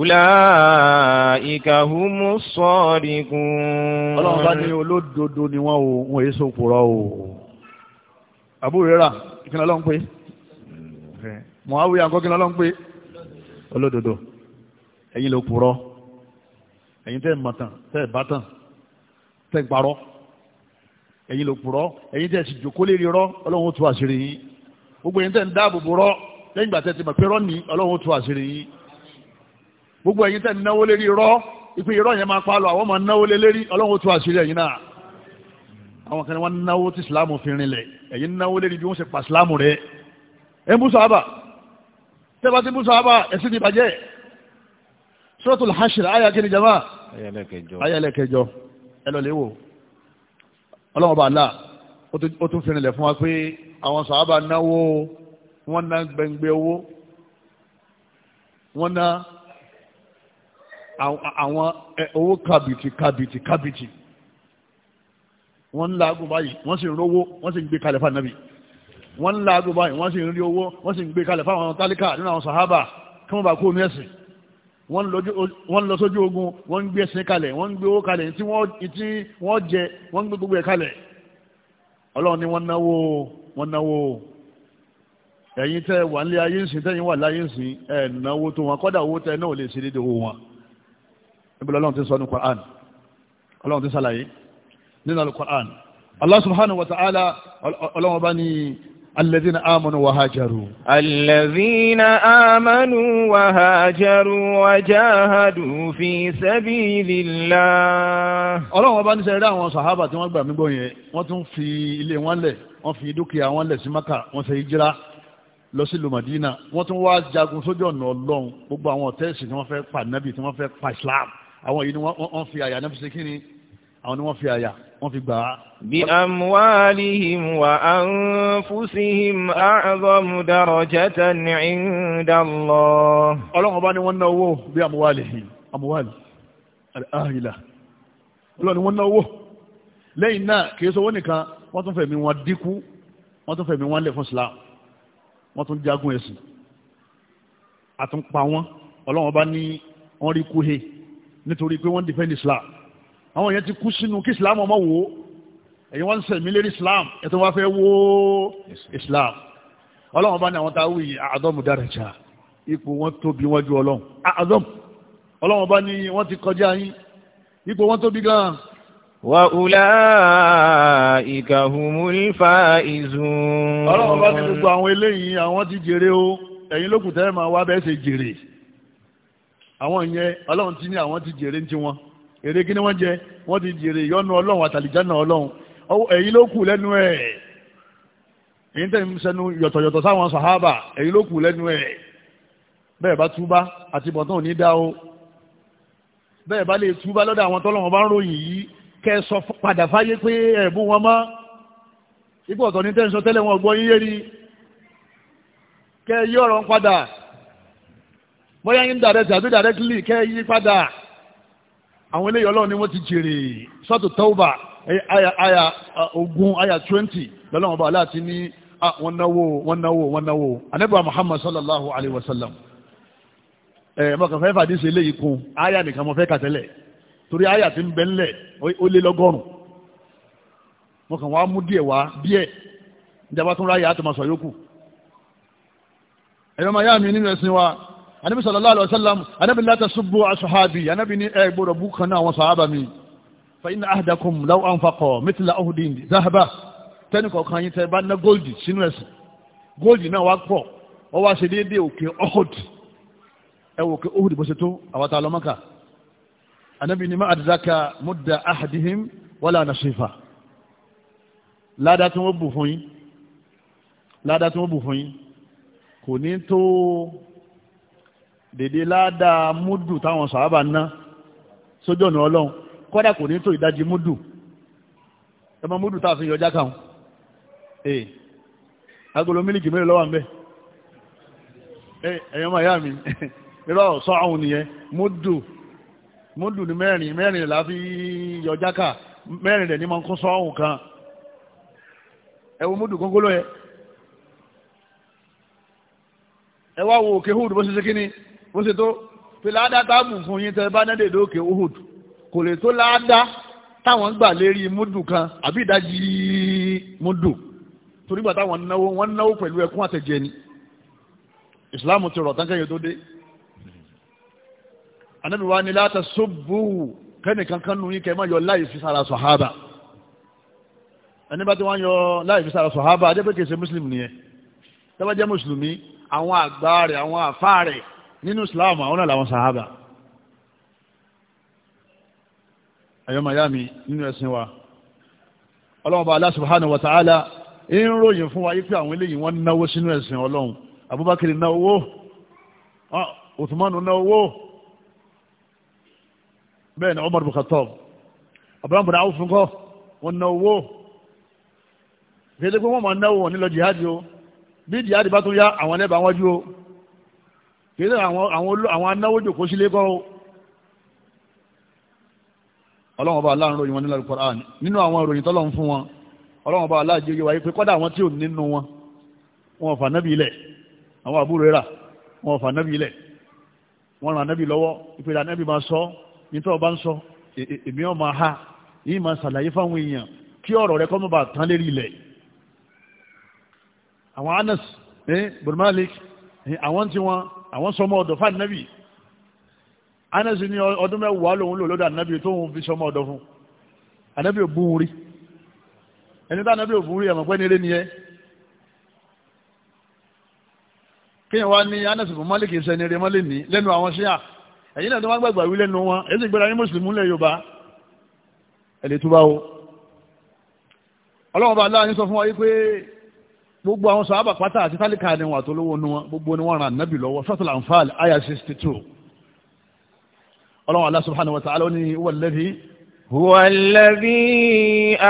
Ùláìka húmú sọ́ọ̀dìkún. Ọlọ́run bá ní olódodo ni wọ́n o, wọ́n èso kùrọ̀ o. Àbú Rẹ́rà, ìkìnà lọ́n pé. Mọ̀háwíyà ń kọ́kìnà lọ́n pé. Olódodo, ẹ̀yin ló kùrọ̀. Ẹ̀yin tẹ́ mọ̀tàn, tẹ́ bátàn, tẹ́ parọ́. Ẹ̀yin ló kùrọ̀. Ẹ̀yin tẹ́ sì jòkó lérí rọ́, ọlọ́run ó tú àṣírí yín. Gbogbo ẹ̀yin tẹ́ ń dáàbò bò rọ́, lẹ́yìn ìgbà tẹ́ ti mọ̀ pé rọ́ ní ọlọ́run ó tú àṣírí yín gbogbo ẹ̀yin tẹ́ náwó lérí irọ́ ìpín irọ́ yẹn máa pa lọ àwọn máa náwó lé lérí ọlọ́run tó àṣírí ẹ̀yin náà àwọn kan wọn náwó tí ìsìláàmù fi rinlẹ̀ ẹ̀yin náwó lérí bí wọ́n ṣe pa ìsìláàmù rẹ̀ ẹ̀ ń bú sàábà tẹ́bà tí ń bú sàábà ẹ̀sìn ti bàjẹ́ Suratul Hashr àyà kí ni jama ayẹlẹ́kẹjọ ẹ lọ léwò ọlọ́run bá là ó tún fi rinlẹ̀ fún wa pé àwọn sàábà náwó wọn ná gbẹngbẹ owó wọn ná àwọn owó kàbìtì kabiti, kabiti, wọ́n ń laago báyìí wọ́n sì ń rówó wọ́n sì ń gbé kalẹ̀ fún ànábì wọ́n ń laago báyìí wọ́n sì ń rí owó wọ́n sì ń gbé kalẹ̀ fún àwọn tálíkà nínú àwọn sàhábà kí wọ́n bá kó omi ẹ̀sìn wọ́n lọ sójú ogun wọ́n ń gbé ẹ̀sìn kalẹ̀ wọ́n ń gbé owó kalẹ̀ tí wọ́n jẹ wọ́n ń gbé gbogbo ẹ̀ kalẹ̀ ọlọ́run ni wọ́n náwó wọ́n náwó ẹ̀yin tẹ́ wà ní ayé ń tẹ́yin wà láyé ń ẹ̀ náwó tó wọn kọ́dà owó tẹ náà ò lè ṣe déédéé owó wọn níbi ọlọ́run ti sọ ní Qur'an ọlọ́run Allah subhanahu wa ta'ala ọlọ́run bá ní الذين آمنوا وهاجروا الذين آمنوا وهاجروا وجاهدوا في سبيل الله Ọlọ́run ọba ní sẹ́rẹ́ àwọn sàhábà tí wọ́n gbà mí gbọ́ yẹn wọ́n tún fi ilé wọn lẹ̀ wọ́n fi dúkìá wọn lẹ̀ sí Mákà wọ́n ṣe hìjírà lọ sí jagun sójú ọ̀nà Ọlọ́run gbogbo àwọn ọ̀tẹ́ẹ̀sì tí wọ́n fẹ́ pa nábì tí wọ́n fẹ́ pa Islam àwọn yìí ni wọ́n fi àyà náà fi ṣe kí ni àwọn ni wọ́n fi àyà wọ́n fi gbà á. bí amwalihim wa anfusihim a'zamu darajatan 'inda Allah. ọlọ́run bá ní wọ́n ná owó bí amwalihim amwali al ọlọ́run wọ́n ná owó lẹ́yìn náà kìí sọ owó nìkan wọ́n tún fẹ̀mí wọn dínkù wọ́n tún fẹ̀mí wọn lẹ̀ fún Islam wọ́n tún jagun ẹ̀sìn àtúnpa wọn ọlọ́run bá ní wọ́n rí kúhe nítorí pé wọ́n defend Islam àwọn yẹn ti kú sínú kí Islam ọmọ wò ẹ̀yin wọ́n ń sẹ̀mí lérí Islam ẹ̀tọ́ wá fẹ́ wó Islam ọlọ́run bá ní àwọn táwí àádọ́mù dárajà ipò wọn tóbi wájú ọlọ́run àádọ́mù ọlọ́run bá ní wọ́n ti kọjá yín ipò wọn tóbi gan-an. wà úlà ìkàhùnmùlì fa ìzùn. ọlọ́run bá ní gbogbo àwọn eléyìí àwọn ti jèrè o ẹ̀yin lókùtẹ́ máa wá bẹ́ẹ̀ ṣe jèrè àwọn yẹn ọlọ́run ti ní àwọn ti jèrè ti wọn èrè kí ni wọ́n jẹ wọ́n ti jèrè ìyọ́nú ọlọ́run àtàlìjánà ọlọ́run èyí ló kù lẹ́nu ẹ̀ èyí tẹ̀ ń sẹnu yọ̀tọ̀yọ̀tọ̀ sáwọn sàhábà èyí ló kù lẹ́nu ẹ̀ bẹ́ẹ̀ bá túbá àti bọ̀tán ò ní dá o bẹ́ẹ̀ bá lè túbá lọ́dọ̀ àwọn tọ́lọ́run bá ń ròyìn yìí kẹ́ ẹ sọ padà fáyé pé ẹ̀bùn wọn mọ́ ipò ọ̀tọ̀ ní tẹ́ńsọ tẹ́lẹ̀ wọn gbọ́ yíyé rí kẹ́ ẹ yí ọ̀rọ̀ padà bóyá indirect àbí directly kẹ́ yí padà àwọn eléyìí ọlọ́run ni wọ́n ti jèrè sọ́tò tọ́wọ́bà aya aya ogun aya twenty lọ́lọ́run ọba aláàtí ní wọ́n náwó wọ́n náwó wọ́n náwó anábìá muhammad sallallahu alayhi wa sallam ẹ̀ mọ̀ fẹ́ fàdí sí kun aya nìkan mọ̀ fẹ́ kà torí aya ti ń bẹ́ ó lé lọ́gọ́rùn wá mú díẹ̀ wá ìjàmbá ráyà máa anabi sallallahu alaihi wasallam anabi la tasubbu ashabi anabi ni ẹ gbọ́dọ̀ bú kan náà àwọn sàhábà mi fa inna ahdakum law anfaqa mithla ahudin zahaba tẹ́nì kọ̀ọ̀kan yín tẹ́ bá ná góòlì sínú ẹ̀sìn góòlì náà wá pọ̀ wọ́n wá ṣe déédéé òkè Uhud ẹ wò òkè Uhud bó ṣe tó àwọn tá a lọ Mákà anabi ni ma adraka mudda ahadihim wala nasifa ládàá tí wọ́n bù fún yín ládàá tí wọ́n bù fún yín kò ní tó dèdè ládàá múdù táwọn sàábà ná sójú ọ̀nà ọlọ́run kọ́dà kò ní tó ìdajì múdù ẹmọ múdù tá a fi yọjá kàn ee agolo mílíkì mélòó lọ́wọ́ nbẹ ẹ̀yọ́ máa yá mi irọ́ sọ àwọn nìyẹn múdù múdù ní mẹ́rin mẹ́rin là fi yọjá kà mẹ́rin rẹ̀ ní máa ń kún sọ àwọn kan ẹ wo múdù kónkóló yẹ ẹ wá wo òkè bó ṣe ṣe kí ni bó ṣe tó pé ládá tábù fún yín tẹ bá náà dèdè òkè Uhud kò lè tó ládá táwọn gbà lérí múdù kan àbí ìdajì múdù torí gbà táwọn náwó wọn náwó pẹ̀lú ẹkún àtẹ̀jẹ ni ìsìláàmù ti rọ̀ tán kẹ́yìn tó dé anábì wa ni láta sóbù kẹ́nìkan kan nù yín kẹ́ máa yọ láì fi sára sọ̀hábà ẹni bá ti wọ́n yọ láì fi sára sọ̀hábà adébẹ́kẹ̀ẹ́sẹ̀ mùsùlùmí nìyẹn tẹ́bàjẹ́ mùsùlùmí àwọn àgbà rẹ̀ àwọn àfáà rẹ̀ nínú islam àwọn náà làwọn sàhábà ayọ́mayami nínú ẹ̀sìn wa ọlọ́run bá Allah subhanahu wa ta'ala ń ròyìn fún wa yí pé àwọn eléyìí wọ́n náwó sínú ẹ̀sìn ọlọ́run Abubakar náwó Uthmanu náwó bẹ́ẹ̀ ni Umar bin Khattab Abraham bin Awf ńkọ́ wọ́n náwó fẹ́ẹ́ dẹ́gbẹ́ máa náwó wọn nílọ jihadi o bí jihadi bá tún yá àwọn ẹlẹ́bàá wájú o kìí sẹ́ àwọn anáwó jòkó sílé kọ́ o ọlọ́wọ́n bá aláàrin ròyìn wọn nílẹ̀ Al-Qur'an nínú àwọn ròyìn tọ́lọ́run fún wọn ọlọ́wọ́n bá aláàjẹ́ yẹ wáyé pé kọ́dà àwọn tí ò nínú wọn wọn fà nábì ilẹ̀ àwọn àbúrò rẹ̀ wọn fà nábì ilẹ̀ wọn ràn nábì lọ́wọ́ ìpèrè ànábì máa sọ nítorí ọba ń sọ e, e, èmi ọ̀ máa ha yìí máa ṣàlàyé fáwọn èèyàn kí ọ̀rọ̀ rẹ̀ kọ́ mọ́ bá tán lérí ilẹ̀ àwọn Anas eh, Malik eh, àwọn tí wọn àwọn sọmọ ọ̀dọ̀ fún ànábì anẹ́sì ní ọdún mẹ́wàá lòun lò lọ́dọ̀ ànábì tó ń fi sọmọ ọ̀dọ̀ fún ànábì ò búhun rí ẹni tá ànábì ò búhun rí ẹ̀mọ̀ pẹ́ nílé ni ẹ́ kíyàn wá ní anẹ́sì fún mọ́lì kìí sẹ́ni eré mọ́lì ní lẹ́nu àwọn ṣíà ẹ̀yìn náà tó wọ́n gbàgbà wí lẹ́nu wọn èyí sì gbéra ní mùsùlùmí lẹ́ yorùbá ẹ̀lẹ́túbá o ọlọ́run bá aláàánú sọ fún wa yí pé gbogbo àwọn sàábà pátá àti tálíkà ni wọn àtolówó nu wọn gbogbo ni wọn ràn nábì lọ́wọ́ sọ́tàlá nfààlì àyà sixty two ọlọ́run Allah subhanahu wa ta'ala ni wọ́n lẹ́bi. هو الذي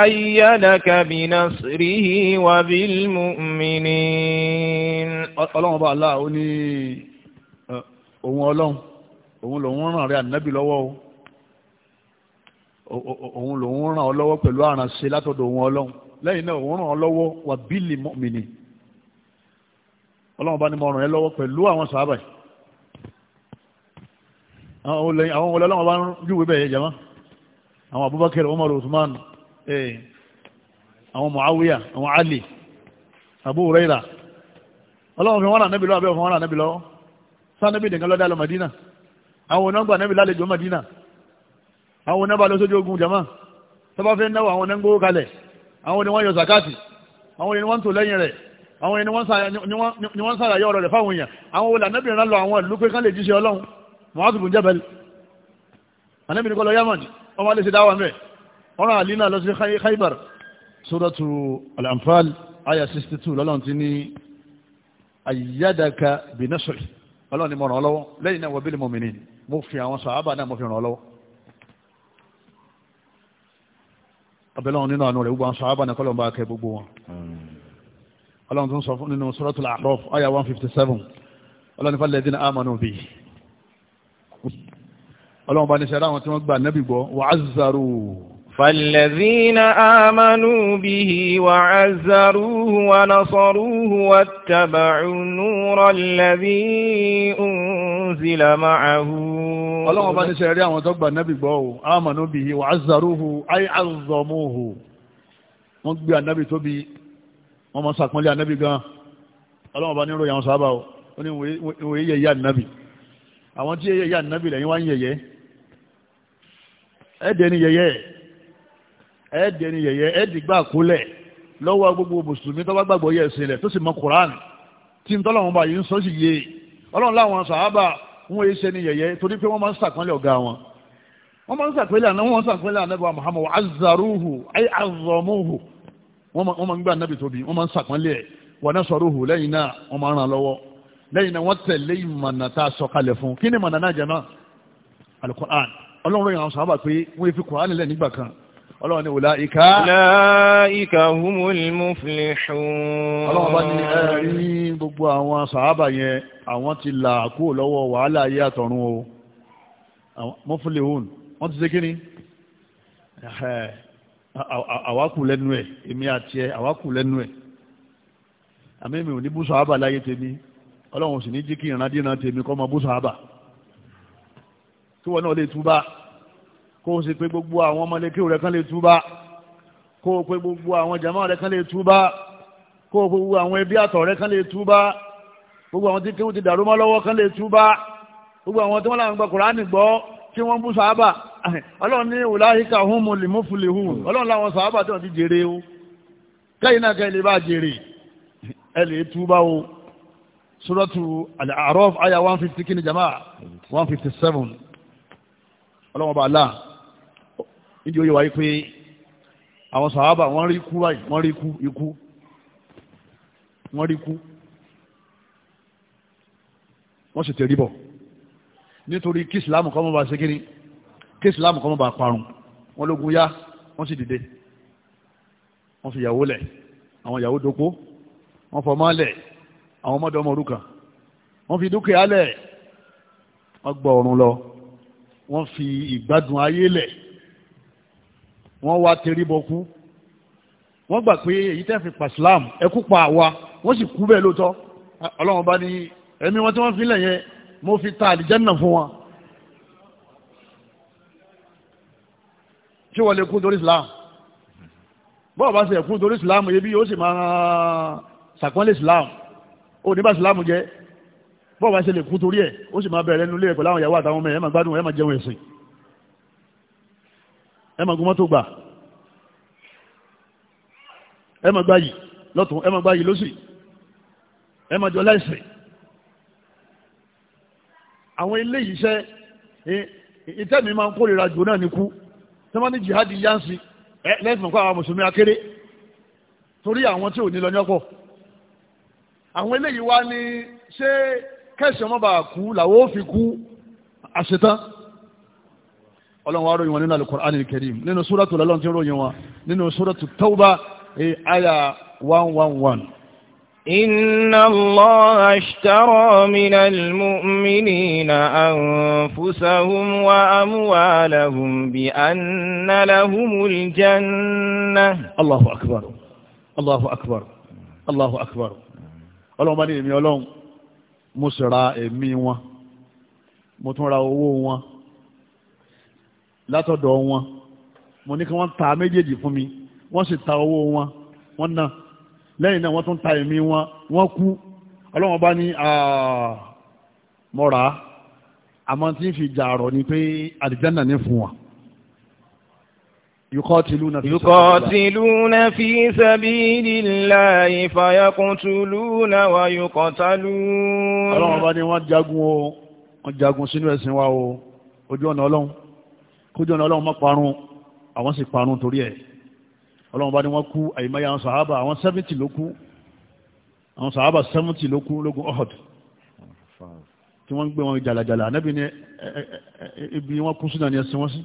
أيدك بنصره وبالمؤمنين ọlọ́run bá aláà ó ní òun ọlọ́run òun lòun ràn rẹ ànábì lọ́wọ́ o òun lòun ràn ọ lọ́wọ́ pẹ̀lú àrànṣe látọ̀dọ̀ òun ọlọ́run lẹ́yìn náà òun ràn án lọ́wọ́ wà bílì mọ́mìnì ọlọ́run bá ní mo ràn ẹ́ lọ́wọ́ pẹ̀lú àwọn sàábà yìí àwọn olè ọlọ́run bá ń júwe bẹ́ẹ̀ jama àwọn Abubakar Umar Usman àwọn Muawiya àwọn Ali Abu Huraira ọlọ́run fi wọ́n rà nẹ́bí lọ́wọ́ abẹ́ òfin wọ́n rà nẹ́bí lọ́wọ́ sáà nẹ́bí nìkan lọ́dá lọ Madina àwọn onágbà nẹ́bí lálejò Madina àwọn onábà lọ́sọ́jọ́ ogun jama tọ́bá fẹ́ náwó àwọn onágbó kalẹ̀ àwọn ni wọ́n yọ zakati àwọn ni wọ́n tó lẹ́yìn rẹ̀ àwọn ni wọ́n sára yọ ọ̀rọ̀ rẹ̀ fáwọn èèyàn àwọn olè anábìrin náà lọ àwọn ìlú pé kán lè jíṣẹ́ ọlọ́run mọ́tò bùn jẹ́bẹ̀lì anábìrin kọ́ lọ yamani ọmọ alẹ́ sí dáwà mẹ́ ọ̀rọ̀ àlínà lọ sí khaibar suratu al aya 62 lọ́lọ́run ti ní ayyadaka bi nasri ọlọ́run ni mo lẹ́yìn náà wọ́n bí mo fi àwọn sàhábà náà mo fi ràn ọ́ abẹ́lọ́wọ́n nínú àánú rẹ̀ gbogbo àwọn sàhábà ní kọ́lọ̀mbà akẹ́ gbogbo wọn ọlọ́run tó ń sọ fún nínú suratul A'raf àyà 157 ọlọ́run falladhina amanu bihi ọlọ́run bá ní sẹ́ra àwọn tí wọ́n gbà nẹ́bì gbọ́ wa'azzaru فالذين آمنوا به وعزروه ونصروه واتبعوا النور الذي أنزل معه الله أبا سيريا أن النبي بو آمنوا به وعزروه أي عظموه مقبى النبي تبي وما ساكمل يا النبي قا الله أبا نيرو يا صحابه ويهي يا النبي àwọn tí yẹyẹ yà nábì lẹ́yìn wá ń yẹyẹ ẹ̀dẹ̀ ẹ̀ẹ́dẹ̀ni yẹ̀yẹ́ ẹ̀ẹ́dìgbà kúlẹ̀ lọ́wọ́ gbogbo mùsùlùmí tó bá gbàgbọ́ yẹ̀ sílẹ̀ tó sì mọ koran tí n tọ́lọ́wọ́n bá yìí ń sọ sí yé ọlọ́run láwọn sàábà wọn èyí ṣe ni yẹ̀yẹ́ torí pé wọ́n máa ń sàpọ́nlé ọ̀gá wọn wọ́n máa ń sàpọ́nlé àná wọ́n ànábì wa Muhammad wa azzaruhu ay wọ́n máa ń gbé ànábì tóbi wọ́n máa ń wa nasaruhu lẹ́yìn a sọ̀kalẹ̀ fún kí ni náà náà alukur'an ọlọ́run ọlọ́run ni wùlá ìká láìka humul muflihun ọlọ́run bá ní ẹ̀rí gbogbo àwọn sàábà yẹn àwọn ti là kú lọ́wọ́ wàhálà ayé àtọ̀run o muflihun wọ́n ti ṣe kí ni àwákù lẹ́nu ẹ̀ èmi àti ẹ̀ àwákù lẹ́nu ẹ̀ àmì ò ní bú sàábà láyé tèmi ọlọ́run sì ní jí kí ìrandíran tèmi kọ́ mọ bú sàábà tí wọ́n náà lè túbà kó o sì pé gbogbo àwọn ọmọlẹ́kẹ́ rẹ̀ kan lè túbá kó o pé gbogbo àwọn jàmá rẹ̀ kan lè túbá kó o pé gbogbo àwọn ẹbí àtọ̀ rẹ̀ kan lè túbá gbogbo àwọn tí kéwù ti dàrú mọ́ lọ́wọ́ kan lè túbá gbogbo àwọn tí wọ́n láwọn gba kùránì gbọ́ tí wọ́n bú sàábà ọlọ́run ní ìwòláhíkà hún mu lè mú fúlẹ̀ hù ọlọ́run láwọn sàábà tí wọ́n ti jèrè o kẹ́yìn náà kẹ́yìn lè bá jèrè ẹ lè túbá o suratu al-A'raf aya one fifty kí ni jama one fifty seven ọlọ́run ọba aláà nídìí oyè wáyé pé àwọn sàhábà wọ́n rí ikú báyìí wọ́n rí ikú ikú wọ́n rí ikú wọ́n sì tẹ̀rí bọ̀ nítorí kí ìsìláàmù kọ́ mọ́ bá ṣe kí ni kí ìsìláàmù kọ́ mọ́ bá parun wọ́n lógun yá wọ́n sì dìde wọ́n fi ìyàwó lẹ̀ àwọn ìyàwó dopó wọ́n fọmọ lẹ̀ àwọn ọmọdé ọmọ òrukàn wọ́n fi dúkìá lẹ̀ wọ́n gbọ́ ọ̀run lọ wọ́n fi ìgbádùn ayé lẹ̀ wọ́n wá teríbọkú wọ́n gbà pé èyí tẹ́fì pàṣílám ẹkú pa àwa wọ́n sì kú bẹ́ẹ̀ lóòótọ́ ọlọ́run bá ní ẹ̀mí wọn tí wọ́n fi lẹ̀ yẹn mo fi ta àlìjẹ́nà fún wọn tí wọ́n lè kú torí islam bọ́ọ̀ bá ṣe ẹ̀kú torí islam yẹ bí yóò sì máa ṣàpọ́nlé islam ó ní bá islam jẹ́ bọ́ọ̀ bá ṣe lè kú torí ẹ̀ ó sì máa bẹ̀rẹ̀ nulẹ̀ pẹ̀láwọn ìyàwó àtàwọn ọmọ ẹ̀ ẹ̀ máa gbádùn ẹ̀ máa jẹun ẹ̀sìn ẹ máa gun mọ́tò gbà ẹ máa gbá yìí lọ́tún ẹ máa gbá yìí lọ́sì ẹ máa jọ láìsìn àwọn ilé yìí ṣe máa ń kórìíra jù náà ní kú tí wọ́n ní jihadi yánsì lẹ́sìn mọ̀kọ́ àwọn mùsùlùmí akéré torí àwọn tí ò ní lọ ní ọ̀pọ̀ àwọn eléyìí wá ní ṣé kẹ́sì ọmọ kú làwọn fi kú àṣetán ọlọ́run wá ròyìn wọn nínú al-Qur'an al-Karim nínú súrọ̀tù lọ́lọ́run tí ń ròyìn wọn nínú súrọ̀tù Tawba àyà 111 Inna Allah ashtara minal mu'minina anfusahum wa amwalahum bi anna lahumul jannah. Allahu akbar, Allahu akbar, Allahu akbar. Ọlọ́run bá ní èmi ọlọ́run, mo sì ra èmi wọn, mo tún ra owó wọn, látọ̀dọ̀ wọn mo ní kí wọ́n ta méjèèjì fún mi wọ́n sì ta owó wọn wọ́n ná lẹ́yìn náà wọ́n tún ta ẹ̀mí wọn wọ́n kú ọlọ́wọ́n bá ní mọ́ra àmọ́ tí ń fi jà rọ̀ ni pé àlìjánà ní fún wa. يقاتلون في سبيل الله فيقتلون ويقتلون ọlọ́run kójú ọ̀nà ọlọ́run má parun àwọn sì parun torí ẹ̀ ọlọ́run bá ní wọ́n kú àyèmáyé àwọn sàhábà àwọn sẹ́fìntì ló kú àwọn sàhábà sẹ́fìntì ló kú lógun ọ̀họ̀d tí wọ́n ń gbé wọn jàlàjàlà anábì ní ibi wọn kú sínú àníyàn sí wọn sí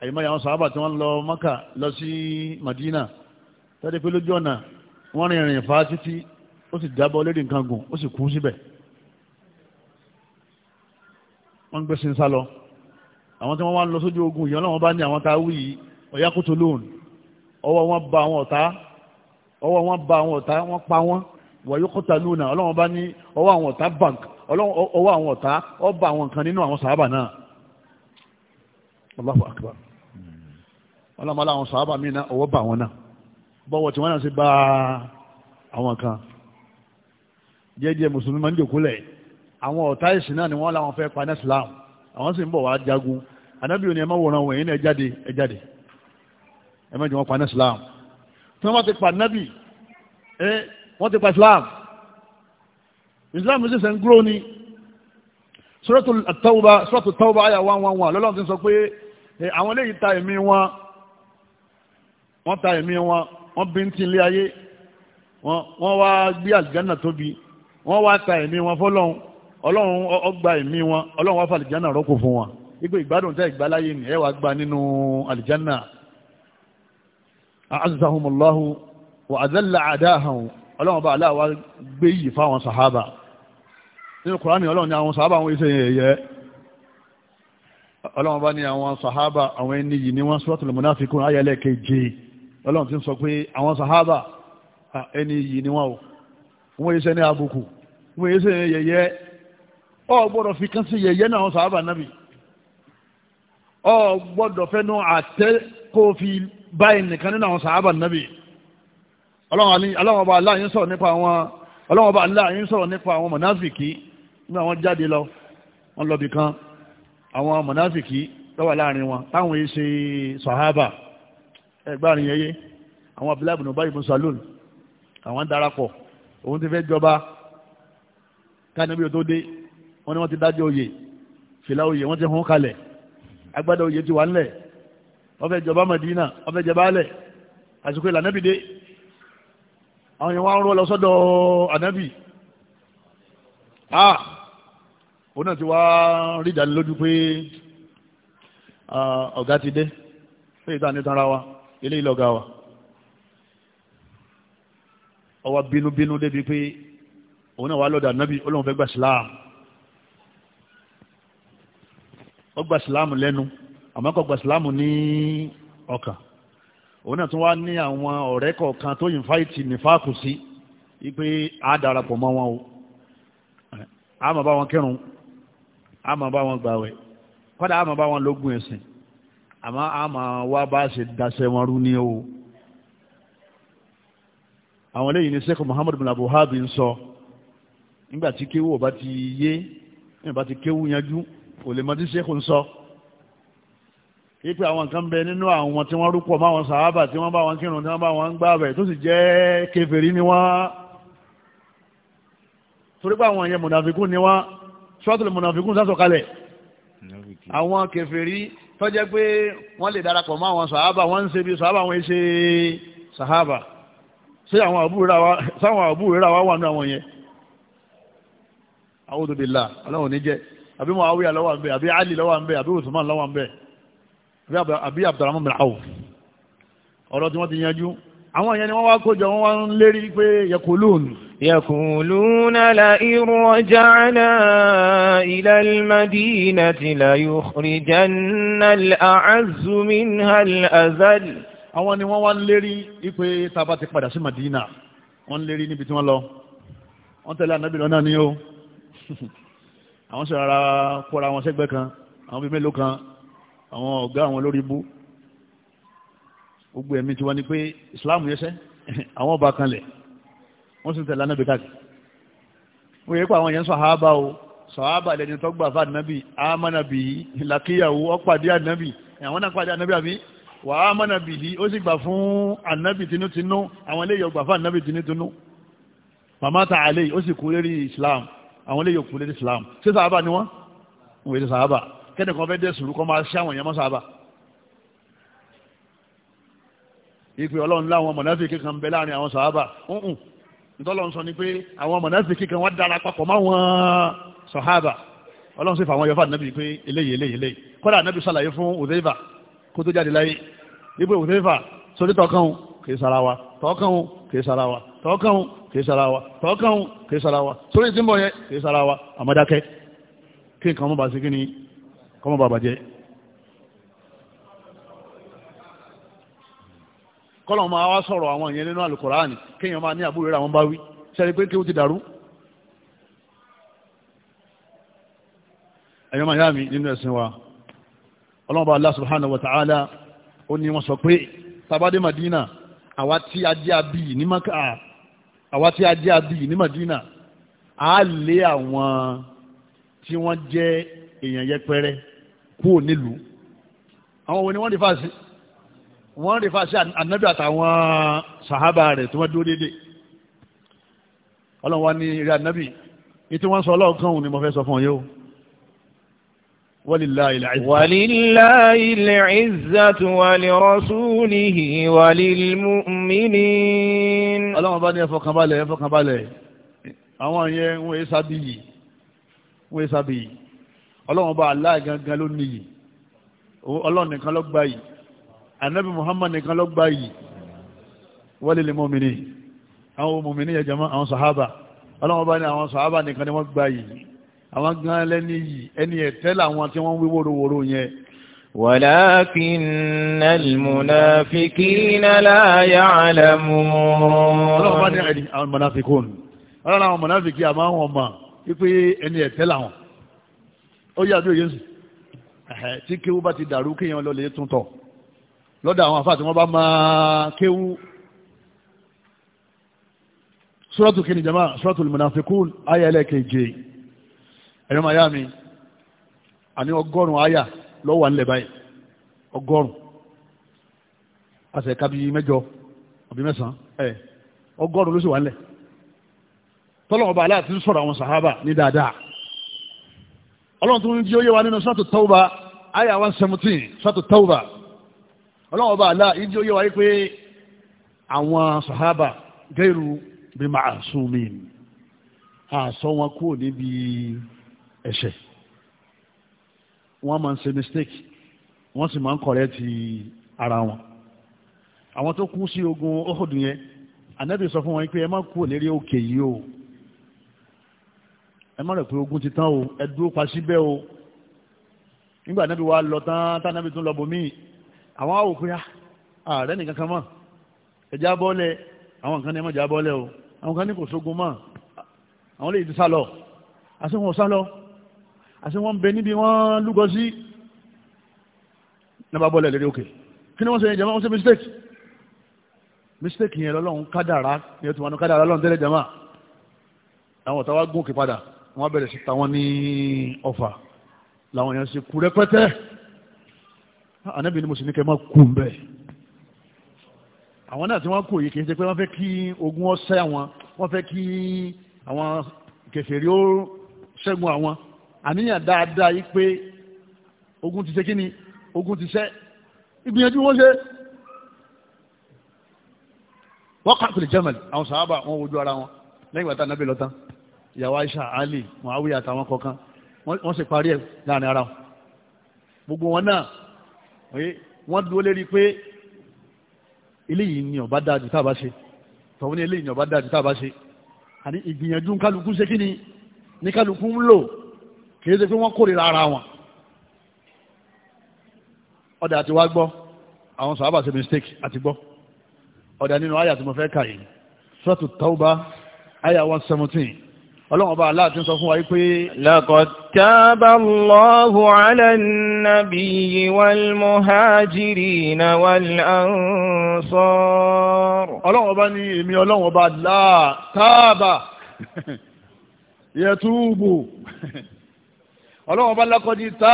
àyèmáyé àwọn sàhábà tí wọ́n lọ Mákà lọ sí Madina tẹ́lẹ̀ pé lójú ọ̀nà wọ́n rìnrìn fa títí ó sì dábọ̀ lédè nǹkan gùn ó sì kú síbẹ̀ wọ́n ń gbé sin sálọ àwọn tí wọ́n wá ń lọ sójú ogun yìí ọlọ́wọ́n bá ní àwọn tá a wí yìí ọ̀yá kó tó lóhùn ọwọ́ wọn ba àwọn ọ̀tá ọwọ́ wọn ba àwọn ọ̀tá wọn pa wọn wọ̀nyí kó ta lóhùn náà ọlọ́wọ́n bá ní ọwọ́ àwọn ọ̀tá bank ọwọ́ àwọn ọ̀tá ọ ba àwọn nǹkan nínú àwọn sàábà náà Allahu akbar ọlọ́mọ aláwọn sàábà míì náà ọwọ́ bá àwọn náà bọ́wọ́ tí wọ́n náà sì bá àwọn kan jẹ́jẹ́ mùsùlùmí máa ń jòkó lẹ́yìn àwọn ọ̀tá ìsìn náà ni wọ́n láwọn fẹ́ pa ní islam àwọn sì ń bọ̀ wá jagun anábì ò ní ẹ má wòran wọ̀nyí ní ẹ jáde ẹ jáde jẹ́ wọn pa ní islam tí wọ́n bá ti pa nábì ẹ wọ́n ti pa islam islam sì sẹ́ ń gúrò ni suratul tawba suratul tawba àyà wá wá wá lọ́lọ́run ti sọ pé àwọn eléyìí ta ẹ̀mí wọn wọ́n ta ẹ̀mí wọn wọ́n bí ń ti ilé ayé wọ́n wá ọlọ́run ọgbà ẹ̀mí wọn ọlọ́run wá fà àlìjánà rọ́pò fún wọn ipò ìgbádùn tẹ́ ìgbáláyé ni ẹ wàá gba nínú àlìjánà azahumullahu wa azalla adahun ọlọ́run bá aláwa gbé yìí fáwọn sàhábà nínú kùránì ọlọ́run ni àwọn sàhábà àwọn iṣẹ́ yẹ̀yẹ́ ọlọ́run bá ní àwọn sàhábà àwọn ẹni yìí ni wọ́n suratul munafiqun ayẹlẹ́ keje ọlọ́run ti sọ pé àwọn sàhábà ẹni yìí ni wọ́n o wọ́n iṣẹ́ ní àbùkù wọ́n iṣẹ́ yẹ̀yẹ́ ọ gbọ́dọ̀ fi kán sí yẹ̀yẹ́ náà wọn sàábà nábì ọ gbọ́dọ̀ fẹ́nu àtẹ́ kó fi báyìí nìkan nínú àwọn sàábà nábì ọlọ́wọ́n ọba aláàyín sọ̀rọ̀ nípa àwọn ọlọ́wọ́n ọba aláàyín sọ̀rọ̀ nípa àwọn mọ̀náfìkì nígbà wọn jáde lọ wọn lọ bìkan àwọn mọ̀náfìkì lọ́wọ́ láàrin wọn táwọn yìí ṣe sàhábà ẹgbàrin yẹyẹ àwọn abúlábùnú báyìí mú salon àwọn darapọ̀ òun ti fẹ́ jọba káàní bí tó dé wọ́n ní wọ́n ti dájọ́ oyè fìlà oyè wọ́n ti hún kalẹ̀ agbádá oyè ti wà ńlẹ̀ wọ́n fẹ́ jọba Madina wọ́n fẹ́ jẹba alẹ̀ àsìkò ìlà anábì dé àwọn yẹn wá ń rọ lọ sọ́dọ̀ anábì ah òun náà ti wá rí ìdánilójú pé ah, ọ̀gá ti dé pé ìta ní tanra wa ilé ìlọ́gá wa ọwọ́ bínúbínú débi pé òun náà wà lọ́dọ̀ anábì olóhùn fẹ́ gbà síláàmù ó gba ìsìláàmù lẹ́nu àmọ́ kò gba ìsìláàmù ní ọkàn òun náà tún wá ní àwọn ọ̀rẹ́ kọ̀ọ̀kan tó yìn fáìtì nífàkù sí wípé a darapọ̀ mọ́ wọn o a máa bá wọn kírun a máa bá wọn gbàwẹ̀ kọ́dà a máa bá wọn lógun ẹ̀sìn àmọ́ a máa wá bá ṣe daṣẹ́ wọn rú ní o àwọn eléyìí ni sẹ́kọ̀ Muhammad bin Abu ń sọ nígbà tí kéwù ọba ti yé nígbà tí kéwù yanjú kò lè mọ tí sẹ́kù ń sọ ipe àwọn nǹkan bẹ nínú àwọn tí wọ́n rúpọ̀ máwọn sàábà tí wọ́n bá wọn kírun tí wọ́n bá wọn gbààwẹ̀ tó sì jẹ́ kèfèrí ni wọ́n torí pé àwọn yẹn mùnàfikún ni wọ́n ṣọ́tùlù mùnàfikún sásọ̀kalẹ̀ àwọn kèfèrí tó pé wọ́n lè darapọ̀ mọ́ àwọn sàábà wọ́n ń ṣe bí sàábà wọ́n ṣe sàábà sí àwọn àbúrò rà wá wà nínú àwọn yẹn a'udhu billah ọlọ́run ní jẹ́ àbí Muawiya ló wà ń bẹ àbí Ali ló wà ń bẹ àbí Uthman ló wà ń bẹ àbí Abdurrahman bin Auf ọ̀rọ̀ tí wọ́n ti yanjú àwọn ìyẹn ni wọ́n wá kójọ wọ́n wá ń lérí pé yakulun يقولون لئن رجعنا إلى المدينة ليخرجن الأعز منها الأذل àwọn ni wọ́n wá ń lérí ipe tàbá ti padà sí Madina wọ́n lérí níbi tí wọ́n lọ wọ́n tẹ̀lé ànábì lọ́nà ni ó àwọn sì rárá kóra wọn sẹ́gbẹ́ kan àwọn bíi mélòó kan àwọn ọ̀gá àwọn lórí bú gbogbo ẹ̀mí tiwọn ni pé islam yẹsẹ́ àwọn ọba kan lẹ̀ wọ́n sì tẹ̀lé anábì káàkiri wọ́n yẹ kó àwọn yẹn sàhábà o sàhábà lẹ́ni tó gbà fún anabi àmànàbì làkìyàwó ọ̀pàdé ànábì àwọn náà pàdé ànábì àbí wà àmànàbì yìí ó sì gbà fún ànábì tinútinú àwọn eléyìí ọgbà fún ànábì tinútinú màmá ta àlè ó sì kú lérí islam àwọn ilé yòókù lédè islam ṣé sàábà ni wọ́n wọ́n èdè sàábà kẹ́nìkan fẹ́ dé sùúrù kọ́ máa ṣe àwọn èèyàn mọ́ sàábà ìpè ọlọ́run láwọn mọ̀nàfíkì kan bẹ láàrin àwọn sàábà ǹǹ ìtọ́lọ́run sọ ni pé àwọn mọ̀nàfíkì kan wá dára papọ̀ máwọn sàábà ọlọ́run sì fà àwọn yọfà nàbì pé eléyìí eléyìí eléyìí kọ́dà nàbì sàlàyé fún òdèvà kó tó jáde láyé wípé òdèvà sórí tọkàn kì í sara wa tọ́kàn òun kìí sara wa tọ́kàn òun kìí sara wa tọ́kàn òun kìí sara wa sórí tí ń bọ̀ yẹ kìí sara wa àmọ́dákẹ́ kí nǹkan ọmọba sí kí ni kọ́mọba bàjẹ́ kọ́lọ̀ máa wá sọ̀rọ̀ àwọn ìyẹn nínú àlùkòránì kéèyàn máa ní àbúrò rẹ̀ àwọn bá wí sẹ́ni pé kí ó ti dàrú ẹ̀yọ́ máa yá mi nínú ẹ̀sìn wa ọlọ́mọba Allah subhanahu wa ta'ala ó ní wọ́n sọ pé tabadé Madina àwa tí a jẹ́ abí ní maka àwa tí a jẹ́ ní madina a lé àwọn tí wọ́n jẹ́ èèyàn yẹpẹrẹ kúrò nílùú àwọn wo ni wọ́n rí fàṣẹ wọ́n rí fàṣẹ ànábì àtàwọn sàhábà rẹ̀ tí wọ́n dúró déédéé ọlọ́run wa ní eré ànábì ètò wọn sọ ọlọ́run kan òun ni mo fẹ́ sọ fún ọ yóò. ولله العزة ولله العزة ولرسوله وللمؤمنين ọlọ́run bá ní ẹfọkàn balẹ̀ ẹfọkàn balẹ̀ àwọn yẹn wọ́n yé sábìyì wọ́n yé sábìyì ọlọ́run bá aláà gangan ló níyì ọlọ́run nìkan ló gbà yìí anabi muhammad nìkan ló gbà yìí walilmu'minin àwọn mùmìnì yẹn jẹ́ mọ́ àwọn sàhábà ọlọ́run bá ní àwọn sàhábà nìkan ni wọ́n gbà yìí àwọn gan lẹ́ni yìí ẹni ẹ̀tẹ́ làwọn tí wọ́n wí wóróworó yẹn ولكن المنافقين لا يعلمون àwọn mọ̀náfikún ọ̀rọ̀ àwọn mọ̀náfikí àmọ́ àwọn ọmọ wípé ẹni ẹ̀tẹ́ làwọn ó yà bí òyìnsù tí kéwú bá ti dàrú kéèyàn lọ lè tún tọ̀ àwọn àfáà tí wọ́n bá máa kéwú suratul kìnnìjàmá suratul mọ̀náfikún ayẹlẹ́kẹ̀ẹ́jẹ́ ẹ̀yọ́ máa yá mi àní ọgọ́rùn Aya àyà lọ́wọ́ nílẹ̀ báyìí ọgọ́rùn-ún àṣẹ kábí àbí mẹ́sàn-án ọgọ́rùn ló sì wà nílẹ̀ tọ́lọ́wọ́ bá aláàtí ń sọ̀rọ̀ àwọn sàhábà ní dáadáa ọlọ́run tó ń jí ó wa nínú sátò tọ́wọ́bà àyà one seventeen sátò tọ́wọ́bà ọlọ́run ọba àlá ìjí ẹ̀ṣẹ̀ wọ́n máa ń ṣe mistake wọ́n sì máa ń kọ̀rẹ́ ti ara wọn àwọn tó kú sí ogun Uhud yẹn ànábì sọ fún wọn pé ẹ má kú lérí òkè yìí o ẹ má rẹ̀ pé ogun ti tán o ẹ dúró pa síbẹ̀ o nígbà ànábì wa lọ tán tánábì tún lọ bòmíì àwọn àwòkúra ah, ààrẹ nìkan kan mọ́ ẹja bọ́lẹ̀ àwọn kan ní ẹmọ́jà bọ́lẹ̀ o àwọn kan ní kò sógun mọ́ àwọn lè ti sálọ àti wọn sálọ àti wọ́n ń bẹ níbi wọ́n lúgọ sí nígbà bọ́ọ̀lẹ̀ lérí òkè kí ni wọ́n ṣe jama wọ́n ṣe mistake mistake yẹn lọ́lọ́run kádàrá yẹn tó wà ní kádàrá lọ́run tẹ́lẹ̀ jama àwọn ọ̀tá wa gún òkè padà wọ́n bẹ̀rẹ̀ sí ta wọ́n ní ọ̀fà làwọn èèyàn ṣe kú rẹpẹtẹ ànábì ni mo sì ní kẹ́ máa kú ń bẹ́ẹ̀ àwọn náà tí wọ́n kú yìí kì í ṣe pé wọ́n fẹ́ kí ogun ọ̀sẹ̀ àwọn wọ́n fẹ́ kí àwọn kèfèrí ó ṣẹ́gun àwọn àníyàn dáadáa yìí pé ogun ti ṣe kí ni ogun ti ṣẹ́ ìgbìyànjú wọ́n ṣe wọ́n kàkiri jẹ́mẹ̀lì àwọn sàábà wọn wojú ara wọn lẹ́yìn ìgbà nàbẹ̀ lọ́tán ìyàwó Aisha Ali Muawiya àtàwọn kọ̀ọ̀kan wọ́n sì parí ẹ̀ láàrin ara wọn gbogbo wọn náà wọ́n dúró lérí pé eléyìí ni ọba dáa ju táàbá ṣe tọ́wọ́ ní eléyìí ni ọba dáa ju táàbá ṣe àní ìgbìyànjú kálukú ṣe kí ni ní kálukú ń lò kì í ṣe pé wọ́n kórìíra ara wọn ọ̀dà àti wá gbọ́ àwọn sàábà ṣe mistake àti gbọ́ ọ̀dà nínú àyà tí mo fẹ́ kà yìí sọ́ọ̀tù tàwùbá àyà one seventeen ọlọ́run ọba aláàtí ń sọ fún wa wípé laqad taba Allahu ala an-nabiyyi wal muhajirin wal ansar ọlọ́run ọba ní èmi ọlọ́run ọba láà tààbà yẹtúbù ọlọ́wọ́n bá lakọ́dí tá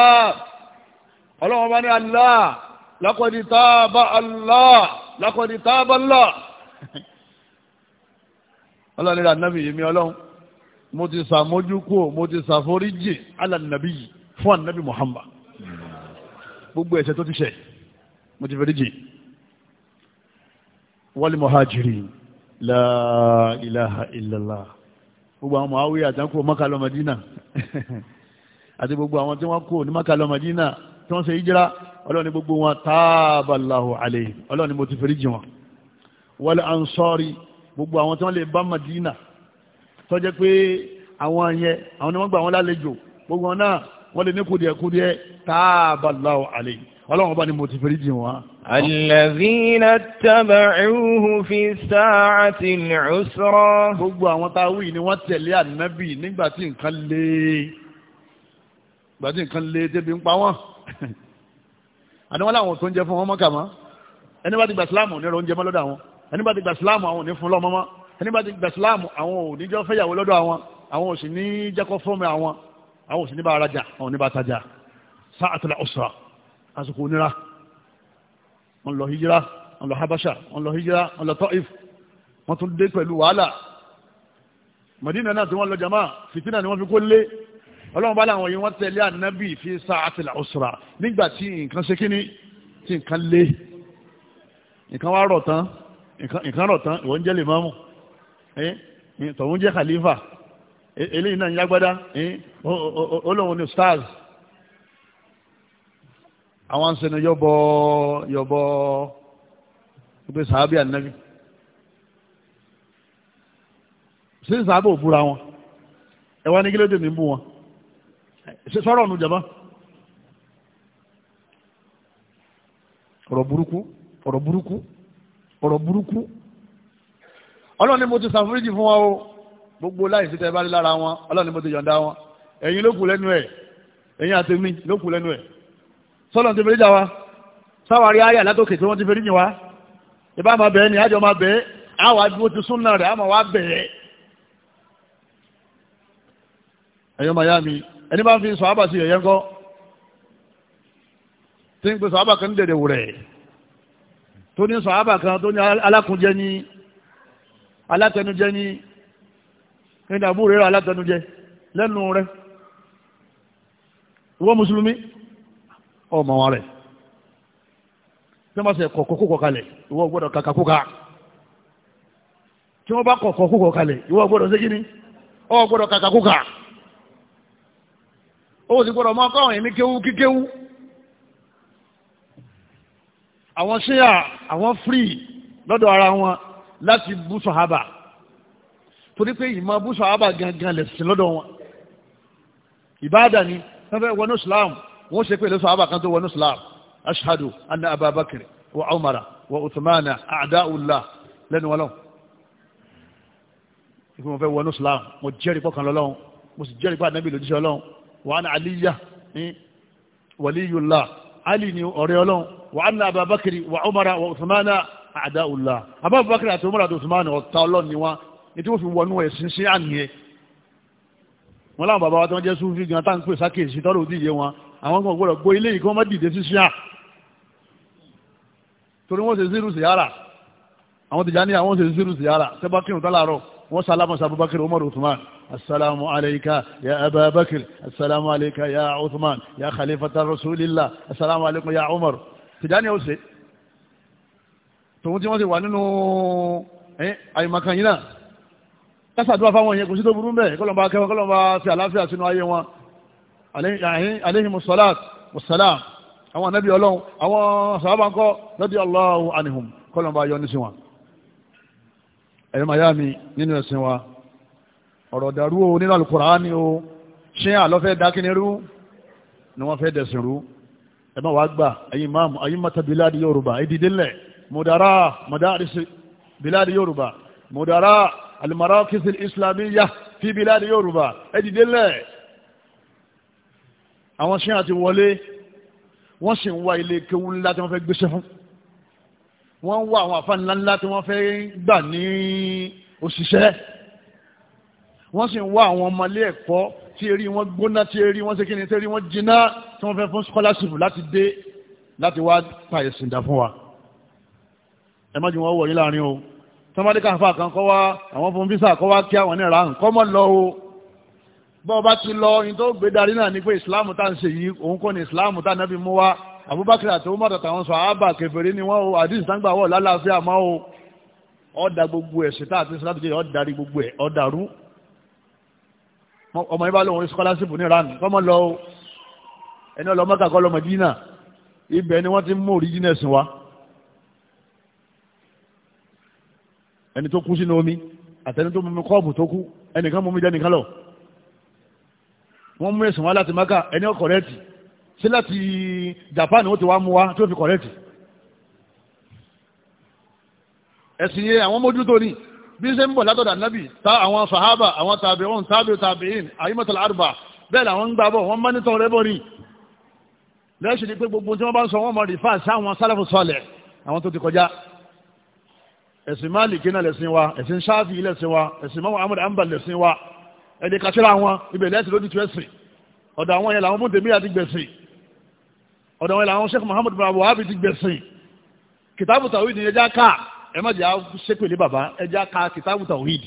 ọlọ́wọ́n bá ní Allah lakọ́dí tá bá Allah lakọ́dí tá bá Allah ọlọ́run nílẹ̀ anábì yìí mi ọlọ́run mo ti sàmójúkú mo ti sàforíjì alànàbí yìí fún anábì Muhammad gbogbo ẹ̀ṣẹ̀ tó ti ṣẹ̀ mo ti foríjì wal muhajirin la ilaha illallah gbogbo àwọn mọ̀ àtàkùn mọ́kàlọ́ àti gbogbo àwọn tí wọ́n kú ní Mákà lọ Mádínà tí wọ́n ṣe ìjírá ọlọ́ni gbogbo wọn tààbàláhù alẹ́ ọlọ́ni mo ti fẹ́rí jì wọn wal ansari gbogbo àwọn tí wọ́n lè bá Mádínà tó jẹ́ pé àwọn yẹn àwọn ni wọ́n gbà wọ́n lálejò gbogbo wọn náà wọ́n lè ní kùdìẹ̀kùdìẹ̀ tààbàláhù alẹ́ ọlọ́run bá ní mo ti fẹ́rí jì wọn. Àlẹ́zínà tàbàáhù fi sáàtì ìrùsọ́rọ̀. Gbogbo àwọn táwí ni wọ́n tẹ̀lé ànábì nígbà tí nǹkan le gbàtí nǹkan lé débi ń pa wọ́n àní wọ́n láwọn tó ń jẹ fún wọn mọ́kà mọ́ ẹni bá ti gbà síláàmù ní oúnjẹ mọ́ lọ́dọ̀ àwọn ẹni bá ti gbà síláàmù àwọn ò ní fún lọ́mọ mọ́ ẹni bá ti gbà síláàmù àwọn ò ní jọ fẹ́yàwó lọ́dọ̀ àwọn àwọn ò sì ní jẹ́kọ́ fọ́ọ̀mù àwọn àwọn ò sì ní bá arajà àwọn ò ní bá tajà sáàtìlá ọ̀sà àsìkò onira wọn lọ hijira wọn lọ habasha wọn lọ hijira wọn lọ tọ́if wọn tún dé pẹ̀lú wàhálà Madina náà tí wọ́n lọ jama fitina ni wọ́n fi kó lé ọlọ́run bá láwọn yìí wọ́n tẹ̀lé ànábì fi sa'atil usra nígbà tí nǹkan ṣe kíní tí nǹkan lé nǹkan wá rọ̀ tán nǹkan rọ̀ tán ìwọ́n jẹ́ lè máàmù tọ̀hún jẹ́ khalifa e, eléyìí náà ń yágbádá olóhùn ní stars àwọn ń sẹ́nu yọ̀bọ yọ̀bọ pé sàábì ànábì sí sàábì òbúra wọn ẹ wá ní kí ló bú wọn ṣe sọ́rọ̀ ọ̀nù jẹ̀mọ́ ọ̀rọ̀ burúkú ọ̀rọ̀ burúkú ọ̀rọ̀ burúkú ọlọ́run ni mo ti ṣàforíjì fún wa o gbogbo láìsí tẹ́ bá rí lára wọn ọlọ́run ni mo ti yọ̀ǹda wọn ẹ̀yin ló kù lẹ́nu ẹ̀ ẹ̀yin àti mi ló kù lẹ́nu ẹ̀ sọ́lọ́run ti fẹ́rí jà wa sáwárí ayé àlátòkè tí wọ́n ti fẹ́rí yìn wa ìbá máa bẹ̀ẹ́ ni àjọ máa bẹ̀ẹ́ àwọn àdúgbò ti súnà rẹ̀ àmọ̀ wá bẹ̀ẹ́ ẹ̀yọ́ miami ẹni bá ń fi sọ̀hábà sí yẹ̀yẹ́ ńkọ́ tí ń pe sọ̀hábà kan ní dèdè wùrẹ̀ tó ní sọ̀hábà kan tó ní alákùnjẹ ní alátẹnujẹ ní ní àbúrò rẹ̀ alátẹnujẹ lẹ́nu rẹ̀ ìwọ mùsùlùmí ọmọ wọn rẹ̀ tí wọ́n bá sẹ̀ kọ̀kọ̀kọ̀ kalẹ̀ ìwọ gbọ́dọ̀ kàkàkùkà tí wọ́n bá kọ̀kọ̀kọ̀ kalẹ̀ ìwọ gbọ́dọ̀ sí kíní ọ gbọ́dọ̀ kàkàkùkà ó sì gbọ́dọ̀ máa kọ́wọ̀n èmi kéwú kíkéwú àwọn ṣíyà àwọn free lọ́dọ̀ ara wọn láti bú sọ̀hábà torí pé ìmọ̀ bú sọ̀hábà gangan lẹ̀sìn lọ́dọ̀ wọn ìbáàdà ni wọ́n fẹ́ wọnú islam wọ́n ṣe pé lẹ́sọ̀ àbà kan tó wọnú islam ashhadu anna ababakar wa umara wa uthmana a'da'ullah lẹ́nu wọn lọ́wọ́ ìpínlẹ̀ wọnú islam mo jẹ́rìí pọ́kàn lọ́lọ́wọ́ mo sì jẹ́rìí pàdánù وعن علي ولي الله علي أريولون وعن أبا بكر وعمر وعثمان أعداء الله أبا بكر وعمر وعثمان والطالون نوا نتوفي في ونوى سنسي عنه wọ́n láwọn bàbá wa tó ń jẹ́ súnfí gan tá ń pè sákèsí tọ́rọ òdíje wọn àwọn kan gbọ́dọ̀ gbọ́ ilé ìkọ́ mọ́ dìde sí ṣíà torí wọ́n ṣe zírù sí yàrá àwọn tìjà ní àwọn ṣe zírù sí yàrá tẹ́bá kírun tọ́lárọ̀ wọ́n sálámà sí abubakar umar uthman assalamu alayka ya ababakar assalamu alayka ya uthman ya khalifata rasulillah assalamu alaykum ya umar tìjáni ó ṣe tòun tí wọ́n ti wà nínú àìmọ̀kan yìí náà kásàdúrà fáwọn èèyàn kò sí tó burú mẹ́ kọ́lọ̀mbà kẹwọn kọ́lọ̀mbà fi àlàáfíà sínú ayé wọn aléhìmùsọ́lát wàsálàm àwọn anábì ẹ̀yọ́ màyá mi nínú ẹ̀sìn wa ọ̀rọ̀ dàrú o nínú Al-Kùránì o ṣé àlọ́fẹ́ dákínirú ni wọ́n fẹ́ dẹ̀sìn rú ẹ má wàá gbà ẹ̀yin máàmù ẹ̀yin mọ́ta bíláàdì Yorùbá ìdídélẹ̀ mọ̀dàrà mọ̀dàrìsì bíláàdì Yorùbá mọ̀dàrà al-marakis al-islamiyya fi bíláàdì Yorùbá ẹ̀dídélẹ̀ àwọn ṣé àti wọlé wọ́n sì ń wá ilé kéwú ńlá tí wọ́n fẹ́ gbéṣẹ́ fún wọ́n ń wá àwọn àfa ńláńlá tí wọ́n fẹ́ gbà ní òṣìṣẹ́ wọ́n sì ń wá àwọn ọmọlé ẹ̀kọ́ tí eré wọn gbóná tí eré wọn ṣe kíni tí eré wọn jiná tí wọ́n fẹ́ fún scholarship láti dé láti wá pa ẹ̀sìn dà fún wa ẹ má jù wọ́n wọ̀ yín láàrin o tọ́mọdé káfà kan kọ́ wá àwọn fún visa kọ́ wá kí àwọn ìrà nǹkan mọ́ lọ o bọ́ọ̀ bá ti lọ ní tó gbé darí náà ní pé ìsìláàmù tá à ń ṣe yìí òun kọ́ ni ìsìláàmù tá à Abubakar àti Umar àtàwọn sọ àábà kèfèrí ni wọ́n o àdìsí tán gbà wọ́ lálàáfíà máa o ọ̀dà gbogbo ẹ̀ ṣètà àti ṣètà àtijọ́ ọ̀darí gbogbo ẹ̀ ọ̀dàrú ọmọ ibà lóhun scholarship ní ran kọ́mọ lọ o ẹni ọlọ́mọ́kà kọ́ lọ́mọ dínà ibẹ̀ ni wọ́n ti mú original sin wa ẹni tó kú sínú omi àtẹni tó mú kọ́ọ̀bù tó kú ẹnìkan mú mi jẹ́ nìkan lọ wọ́n mú ẹ̀sìn wa láti maka ẹni ọkọ̀ rẹ̀ tì sí láti Japan ó ti wá mú wa tí ó fi kọ̀rẹ́tì ẹ̀sìn yẹn àwọn mójútó ni bí ṣe ń bọ̀ látọ̀dọ̀ ànábì ta àwọn sàhábà àwọn tàbí wọn tàbí tàbíìn àyímọ̀tàlá arba. bẹ́ẹ̀ làwọn ń gbà bọ̀ wọ́n mọ́nítọ̀ rẹ̀ bọ̀ ni lẹ́ṣin ni pé gbogbo tí wọ́n bá ń sọ wọ́n mọ̀ rìfà sí àwọn sálàfù sọlẹ̀ àwọn tó ti kọjá ẹ̀sìn máàlìkì náà lẹ̀sìn wa ẹ̀sìn ṣáàfì lẹ̀sìn wa ẹ̀sìn mọ́wọ́ amúdà àmbà lẹ̀sìn wa ẹ̀dẹ̀ kàṣírà wọn ibẹ̀ lẹ́sìn ló ti tu ọ̀dọ̀ àwọn yẹn làwọn mú tèmi àti gbẹ̀sìn ọ̀dọ̀ wọn làwọn Sheikh Muhammad bin Abdul Wahab ti gbẹ̀sìn kìtàbù tawhid ẹja ká ẹ má jẹ́ sépèlé bàbá ẹja ká kìtàbù tawhid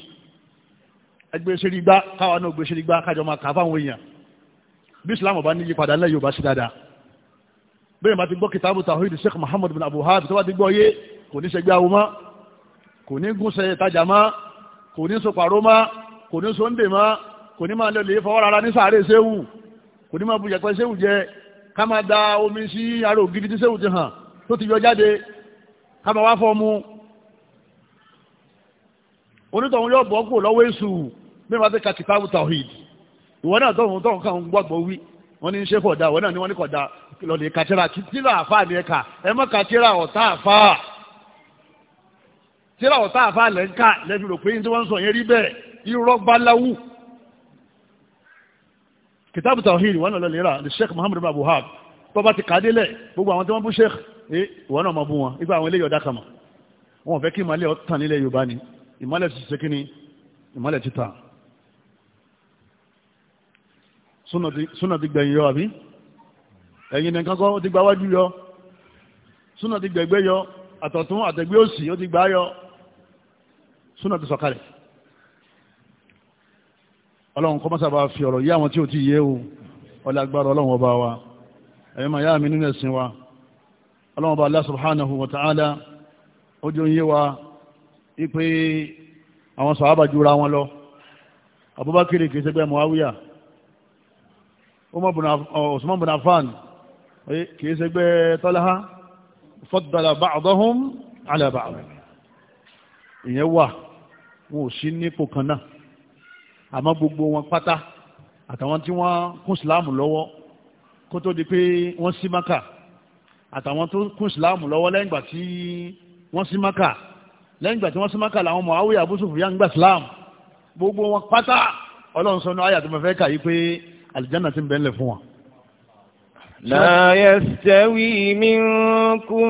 ẹgbẹ́sẹ̀rígbá e káwọn náà gbẹ́sẹ̀rígbá e kájọ máa kà fáwọn èèyàn bí Islam ọba níyí padà ńlẹ̀ Yorùbá sí dáadáa bẹ́ẹ̀ bá ti gbọ́ kìtàbù tawhid Sheikh Muhammad bin Abdul Wahab tó bá ti gbọ́ yé kò ní ṣẹgbẹ́ awo mọ́ kò ní gúnṣẹ́ ìtajà mọ́ kò ní so pàró mọ́ kò ní so ń dè mọ́ kò ní máa lọ lè fọwọ́ rárá ní sàárè séwù kò ní máa bu yẹ̀pẹ̀ séwù jẹ ká máa da omi sí ara ògiri tí sẹ́wù ti hàn tó ti yọ jáde ká máa wá fọ́ mu onítọ̀hún yóò bọ́ kúrò lọ́wọ́ èṣù mẹ́fà ti ka kìtàbù tawhid ìwọ náà tọ̀hún tọ̀hún kàn gbọ́gbọ́ wí wọ́n ní ṣe kọ̀dá ìwọ náà ni wọ́n ní kọ̀dá lọ́lẹ̀ kàtíra tíra àfáà ni ẹ̀ka ẹ mọ́ kàtíra ọ̀tá àfáà tíra ọ̀tá àfáà lẹ́ńkà lẹ́fi rò pé tí wọ́n ń sọ yẹn rí bẹ́ẹ̀ irọ́ gbaláwù kìtàbù tawhid wọn náà lọ́lẹ́ rà lè sheikh muhammad ibn abuhab bọ́ bá ti kàdé lẹ̀ gbogbo àwọn tí wọ́n bú sheikh eh, ìwọ náà máa bú wọn ipa àwọn eléyìí ọ̀dà kama wọn fẹ́ kí ìmọ̀lẹ́ ọ̀tàn nílẹ̀ yorùbá ni ìmọ̀lẹ́ ti ṣe kíni ìmọ̀lẹ́ ti tàn súnà ti yọ àbí ẹ̀yìn nìkan kọ́ ó ti gba wájú yọ súnà ti yọ àtọ̀tún àtẹ̀gbẹ́ òsì ó ti gbà yọ súnà ti ọlọ́run kọ́ mọ́sàbá fi ọ̀rọ̀ yí àwọn tí ó ti yé o ọlágbára ọlọ́run ọba wa ẹ̀yọ́ ma yá mi nínú ẹ̀sìn wa ọlọ́run ọba Allah subhanahu wa ta'ala ó jẹ́ òye wa wípé àwọn sàhábà jura wọn lọ Abubakar kìí ṣẹgbẹ́ Muawiya uh, Usman bin Affan kìí ṣẹgbẹ́ Talha faddala ba'dahum ala ba'd ìyẹn wà wọn ò sí nípò kan náà àmọ́ gbogbo wọn pátá àtàwọn tí wọ́n kún ìsìláàmù lọ́wọ́ kó tó di pé wọ́n sí maka àtàwọn tó kún ìsìláàmù lọ́wọ́ lẹ́yìn ìgbà tí wọ́n sí maka lẹ́yìn ìgbà tí wọ́n sí maka làwọn Muawiya Abu Sufyan ń gba ìsìláàmù gbogbo wọn pátá ọlọ́run sọ ní àyà tó mọ̀ kà yí pé àlìjáná ti ń bẹ́ńlẹ̀ fún wọn لا يستوي منكم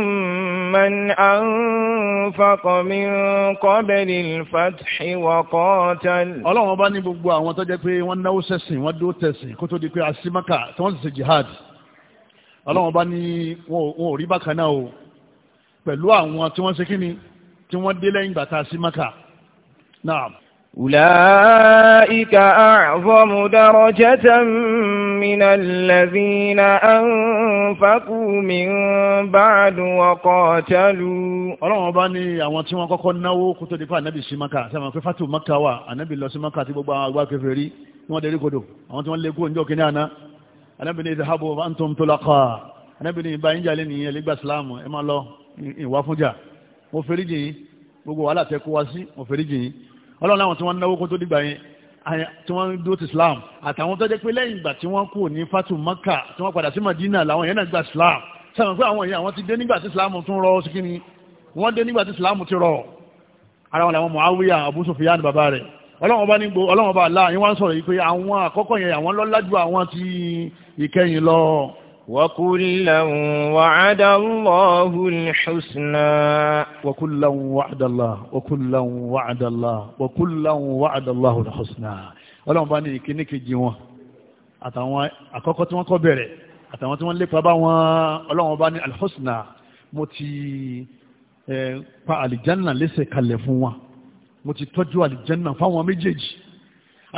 من أنفق من قبل الفتح وقاتل ọlọ́run bá ní gbogbo àwọn tó jẹ́ pé wọ́n náwó sẹ́sìn wọ́n dó tẹ̀sìn kó tó di pé àsìmákà tí wọ́n sì ṣe jihad ọlọ́run bá ní wọn ò rí bákan náà o pẹ̀lú àwọn tí wọ́n ṣe kíni tí wọ́n dé lẹ́yìn gbàtà àsìmákà náà. أولئك أعظم درجة من الذين أنفقوا من بعد وقاتلوا ọlọ́run ọba ní àwọn tí wọ́n kọ́kọ́ náwó kó tó di pa ànábì sí maka sẹ́wọ̀n pé fatu maka wà ànábì lọ sí maka tí gbogbo àgbà kẹfẹ́ rí tí wọ́n dérí kodò àwọn tí wọ́n lé kúrò ní ọ̀kẹ́ ní àná ànábì ní ìdáhàbò antum tulaqa ànábì ní ìbá yíjà lé ní ẹlẹ́gbà sílámù ẹ máa lọ ìwà fúnjà mo fẹ́rí jìn gbogbo wàhálà tẹ kó wá sí mo fẹ́rí jìn ọlọ́run láwọn tí wọ́n náwó kó tó dìgbà yẹn tí wọ́n dúró ti islam àtàwọn tó jẹ́ pé lẹ́yìn ìgbà tí wọ́n kú ní fatu maka tí wọ́n padà sí madina làwọn yẹn náà gba islam sábà pé àwọn èèyàn àwọn ti dé nígbà tí islam tún rọ sí kíni wọ́n dé nígbà tí islam ti rọ ara wọn làwọn muawiya abu sufyan bàbá rẹ̀ ọlọ́run ọba nígbò ọlọ́run ọba aláà yín wá ń sọ̀rọ̀ yìí pé àwọn àkọ́kọ́ yẹn àwọn lọ́lá ju àwọn ti ìkẹyìn lọ وكلا وعد الله الحسنى وكلا وعد الله وكلا وعد الله وكلا وعد الله الحسنى ọlọ́run bá ní ìkíní kejì wọn àtàwọn àkọ́kọ́ tí wọ́n kọ́ bẹ̀rẹ̀ àtàwọn tí wọ́n lépa bá wọn ọlọ́run bá ní alhusna mo ti pa àlìjánà lẹ́sẹ̀ kalẹ̀ fún wọn mo ti tọ́jú àlìjánà fáwọn méjèèjì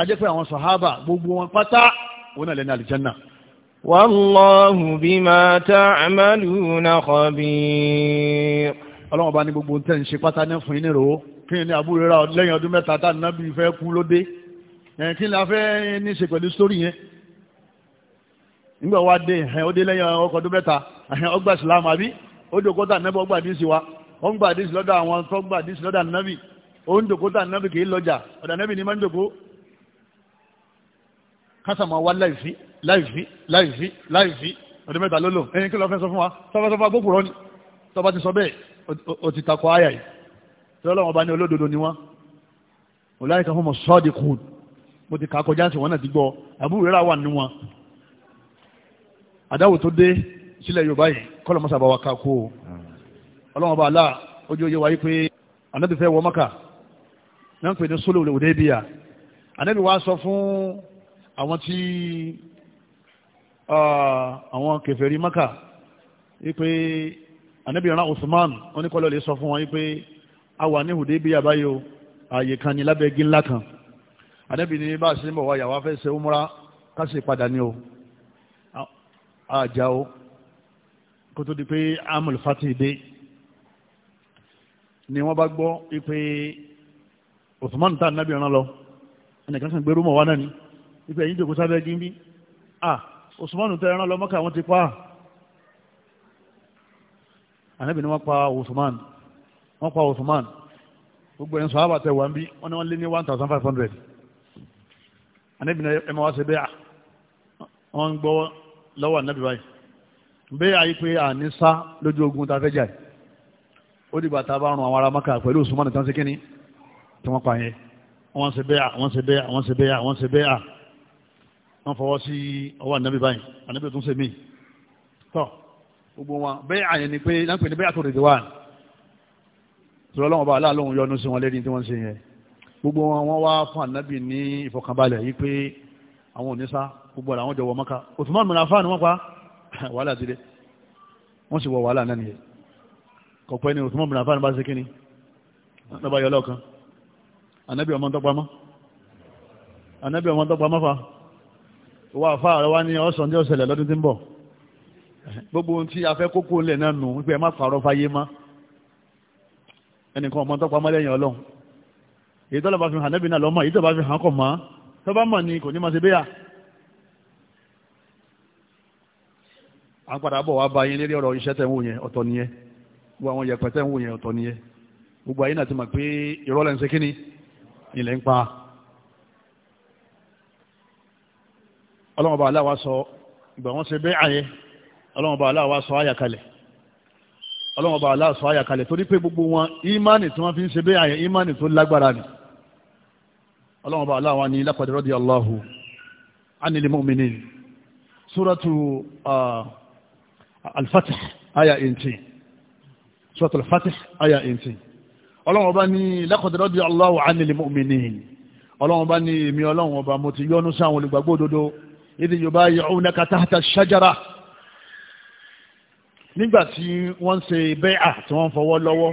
a jẹ́ pé àwọn sàhábà gbogbo wọn pátá wọn náà lẹ́nu àlìjánà والله بما تعملون خبير ọlọ́run bá ní gbogbo tẹ́ ń ṣe pátá ní fún ìnirò kí ní àbúrò rà lẹ́yìn ọdún mẹ́ta tá nábì fẹ́ kú ló dé kí ní a fẹ́ ní ṣe pẹ̀lú sórí yẹn nígbà wá dé ẹ̀hìn ó dé lẹ́yìn ọkọ̀ ọdún mẹ́ta ẹ̀hìn ọgbà ìsìlámù àbí ó dòkótà nábì ọgbà àdísì wa ó ń gbà àdísì lọ́dọ̀ àwọn tó kásàmọ́ wá láìfí láìfí láìfí láìfí ọdún mẹ́ta lólò ẹ̀yìn kí lọ fẹ́ sọ fún wa sọfọ́sọfọ́ agbókùrọ́ ni tọba ti sọ bẹ́ẹ̀ o ti takọ àyà yìí tí ọlọ́wọ́n bá ní olódodo ni wọ́n ọláyé kan fún mọ sọ́ọ̀dì kù mo ti kà kọjá sí wọn náà ti gbọ́ àbúrò rẹ̀ wà nínú wọn. àdáwò tó dé sílẹ̀ yorùbá yìí kọ́lọ́ mọ́sàbà wa ká kú o ọlọ́wọ́n bá aláà ojú oyé wáyé pé anábì fẹ́ wọ mọ́kà náà ń pè ní sólò òdebíyà anábì wa sọ fún àwọn tí ah, àwọn kèfèrí maka wípé anabi ran usman wọn ní kó lọ lè sọ fún wọn wípé a wà ní Hudaybiya báyìí o ààyè kan ní lábẹ́ igi ńlá kan anabi ní bá a ṣe ń bọ̀ wá yàwá fẹ́ ṣe umra ká sì padà ní o àjà o kó tó di pé amul fati dé ni wọ́n bá gbọ́ wípé usman tá anabi ran lọ ẹnìkan kan gbẹrú mọ̀ wá náà ni ìpè yín jòkó sábẹ́ gímbí à Usmanu tẹ ẹran lọ́mọ́kà wọ́n ti pa á ànábì ni wọ́n pa Usman wọ́n pa Usman gbogbo ẹ̀ ń sọ àbà tẹ wà ń bí wọ́n ní wọ́n lé ní one thousand five hundred ànábì ni ẹ máa wá ṣe bẹ́ẹ̀ wọ́n ń gbọ́ lọ́wọ́ ànábì báyìí bẹ́ẹ̀ ayé pé àní sá lójú ogun tá a fẹ́ jà yìí ó dìgbà tá a bá rún àwọn ará maka pẹ̀lú Usman tán sí kínní tí wọ́n pa yẹn wọ́n ṣe bẹ́ẹ̀ wọ́n ṣe bẹ́ẹ̀ wọ́n ṣe bẹ́ẹ̀ wọ́n ṣe bẹ́ẹ̀ wọ́n fọwọ́ sí ọwọ́ ànábì báyìí ànábì tún ṣe míì tọ́ gbogbo wọn bẹ́ẹ̀ àyẹ̀ ni pé láǹpẹ̀ ní bẹ́ẹ̀ àtòrèdè wà sọ̀rọ̀ ọlọ́run ọba aláàlóhun yọnu sí wọn lẹ́ni tí wọ́n ń ṣe yẹn gbogbo wọn wọ́n wá fún ànábì ní ìfọkànbalẹ̀ yìí pé àwọn onísá gbogbo àwọn jọ wọ mọ́ká Usman mìíràn fáànù wọn pa wàhálà ti dé wọ́n sì wọ wàhálà náà nìyẹn kọ̀pẹ́ ni Usman mìíràn fáànù bá ṣe kíni lọ́ba yọ lọ́ọ̀kan ànábì ọmọ ń tọ́pamọ́ ànábì ọmọ ń tọ́pamọ́ fa wà fà rẹ wá ní ọ̀sán ní ọ̀sẹ̀lẹ̀ lọ́dún tí ń bọ̀ gbogbo ohun tí a fẹ́ kókó ńlẹ̀ náà nù wípé ẹ má fàárọ̀ fáyé má ẹnìkan ọmọ tọ́pọ̀ amọ́lẹ́yìn ọlọ́run èyí tọ́lọ́ bá fi hàn lẹ́bìnà lọ́mọ èyí tọ́ bá fi hàn kọ̀ mọ́ tọ́ mọ̀ ni kò ní máa ṣe bẹ́yà. à ń padà bọ̀ wá bá yín lérí ọ̀rọ̀ iṣẹ́ tẹ̀ ń wò yẹn ọ̀tọ̀ nìyẹn gbogbo àwọn yẹpẹ̀ tẹ̀ ń wò yẹn ọ̀tọ̀ nìyẹn gbogbo ayé náà ti mọ̀ pé ìrọ́lẹ̀ ń ṣe kíni ilẹ̀ ń pa ọlọ́mọba aláwa sọ ìgbà wọn ṣe bẹ́ẹ̀ àyẹ ọlọ́mọba aláwa sọ àyàkalẹ̀ ọlọ́mọba aláwa sọ àyàkalẹ̀ torí pé gbogbo wọn ìmánì tí wọ́n fi ń ṣe bẹ́ẹ̀ àyẹ ìmánì tó lágbára ni ọlọ́mọba aláwa ni laqad radiyallahu anil mu'minin suratu al-fatih aya 18 suratu al-fatih aya 18 ọlọ́wọ́n bá ní laqad radiyallahu anil mu'minin ọlọ́wọ́n bá èmi ọlọ́wọ́n mo ti yọ́nú sáwọn olùgbàgbọ́ òdodo ìdí yorùbá تحت الشجرة، tahta ṣájára nígbà tí wọ́n ń ṣe bẹ́ẹ̀ tí wọ́n ń fọwọ́ lọ́wọ́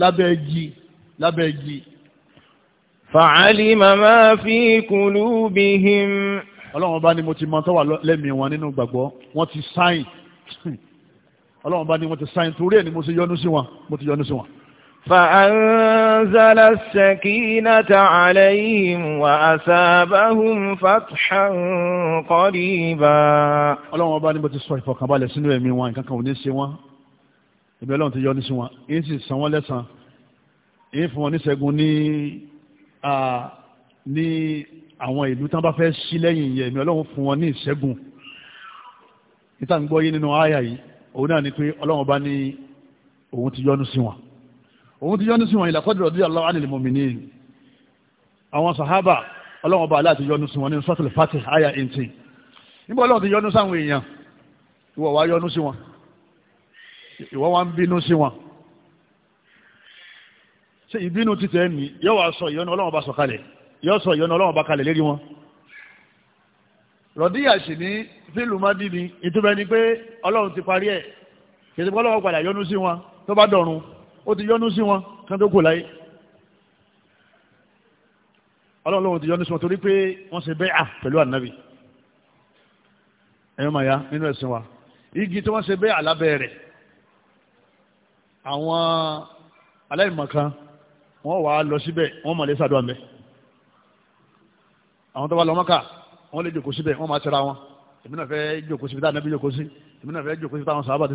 lábẹ́ igi lábẹ́ igi. fa'alima ma fi kulubihim. ọlọ́run bá ní mo ti mọ tó wà lẹ́mìí wọn nínú gbàgbọ́ wọ́n ti sáìn ọlọ́run bá ní wọ́n ti sáìn torí ẹ̀ ni mo ti yọ́nú sí wọn. فأنزل السكينة عليهم وأثابهم فتحا قريبا ọlọ́run ọba ní bó ti sọ ìfọkànbalẹ̀ sínú ẹ̀mí wọn nǹkan kan ò ní ṣe wọn ìbẹ̀ ọlọ́run ti yọ ní sí wọn èyí sì san wọ́n lẹ́sàn èyí fún wọn ní ṣẹ́gun ní ní àwọn ìlú tán bá fẹ́ sí lẹ́yìn yẹn ẹ̀mí ọlọ́run fún wọn ní ìṣẹ́gun níta ń gbọ́ yé nínú àyà yìí òun náà ni pé ọlọ́run ọba ní òun ti yọ ní sí wọn òun ti yọ́nú sí wọn ìlàkọ́dì radiyallahu anil mu'minin àwọn sàhábà ọlọ́wọ́n bá aláàtí yọ́nú sí wọn ní suratul Fatih àyà 18 nígbà ọlọ́wọ́n ti yọ́nú sáwọn èèyàn ìwọ wá yọ́nú sí wọn ìwọ wá ń bínú sí wọn ṣe ìbínú ti tẹ́ ní yóò wá sọ ìyọ́nú ọlọ́wọ́n bá sọ kalẹ̀ yóò sọ ìyọ́nú ọlọ́wọ́n bá kalẹ̀ lérí wọn rọ̀díyà sì ní fílù mádì ni ìtumẹ̀ ni pé ọlọ́run ti parí ẹ̀ kìtìpọ́ ọlọ́wọ́ padà yọ́nú sí wọn tó bá dọ̀run ó ti yọ́nú sí wọn kan tó kò láyé ọlọ́run lóhun ti yọ́nú sí wọn torí pé wọ́n ṣe bẹ́ẹ̀ à pẹ̀lú ànábì ẹ̀yọ́ màá ya nínú ẹ̀sìn wa igi tí wọ́n ṣe bẹ́ẹ̀ à lábẹ́ rẹ̀ àwọn aláìmọ̀kan wọ́n wàá lọ síbẹ̀ wọ́n mọ̀ lé sàdúrà mẹ́ àwọn tó bá lọ mọ́kà wọ́n lè jòkó síbẹ̀ wọ́n máa tẹ́ra wọn èmi náà fẹ́ jòkó síbi táwọn ẹbí ti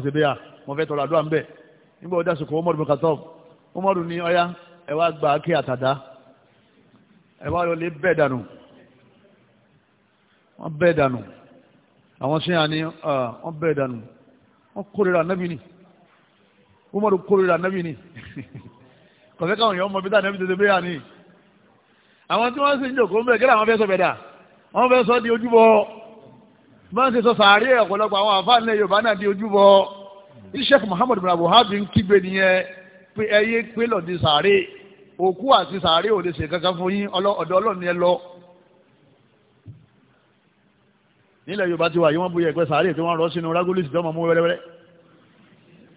ṣe bẹ́ẹ̀ wọ́n fẹ́ tọrọ àdúrà ń bẹ́ẹ̀ nígbà ọdá sùkùn Umar bin Khattab Umar ní ọyá ẹ wá gba aké àtàdá ẹ wá lọlé bẹ́ẹ̀ dànù wọ́n bẹ́ẹ̀ dànù àwọn sí àní wọ́n bẹ́ẹ̀ dànù wọ́n kórira nábì ni Umar kórira nábì ni kọ̀fẹ́ káwọn èèyàn mọ̀ bí táwọn nábì tètè bẹ́ẹ̀ ni àwọn tí wọ́n sì ń jòkó mbẹ́ kílà àwọn fẹ́ sọ bẹ̀dà wọ́n fẹ́ sọ di ojúbọ bá ń sọ sàárẹ̀ ọ̀pọ̀lọpọ̀ àwọn àfáà nílẹ̀ Yorùbá náà di ojúbọ ní sheikh muhammad bin abuhab ń kígbe nìyẹn pé ẹyẹ pé lọ́ọ̀dì sàárè òkú àti sàárè ò lè ṣe kankan fún yín ọ̀dọ̀ ọlọ́ọ̀ni ẹ lọ. nílẹ̀ yorùbá ti wà yìí wọ́n bu yẹ̀pẹ̀ sàárè tí wọ́n rọ́ sínú rágólísì tó máa mú wẹ́rẹ́wẹ́rẹ́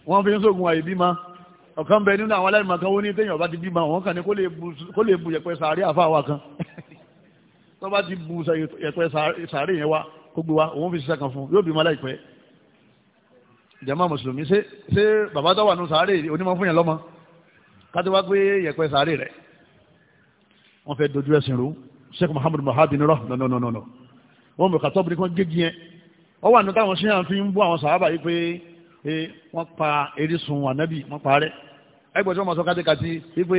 wọ́n fi ń sóògùn àyè bímọ ọ̀kan bẹ nínú àwọn aláìmọ̀ kan ó ní téèyàn bá ti bímọ àwọn kan ní kó lè bu yẹ̀pẹ̀ sàárè àfa wa kan tó bá ti bu yẹ̀pẹ̀ sàárè yẹn wa kó gbé wa òun fi ṣiṣẹ́ kan fún yóò bímọ láìpẹ́ jama mùsùlùmí ṣé ṣé bàbá tó wà nù sàárè onímọ̀ fún yẹn lọ́mọ káti wá gbé yẹ̀pẹ̀ sàárè rẹ̀ wọ́n fẹ́ dojú ẹ̀sìn rú sheikh muhammadu muhammadu nírọ̀ nọ̀nọ̀nọ̀nọ̀ wọ́n mú kàtọ́ bí wọ́n gégi yẹn wọ́n wà nù táwọn ṣe hàn fi ń bú àwọn sàábà yìí pé wọ́n pa erisun ànábì wọ́n pa rẹ̀ ẹgbẹ́ tí wọ́n mọ̀ sọ kátikàti wípé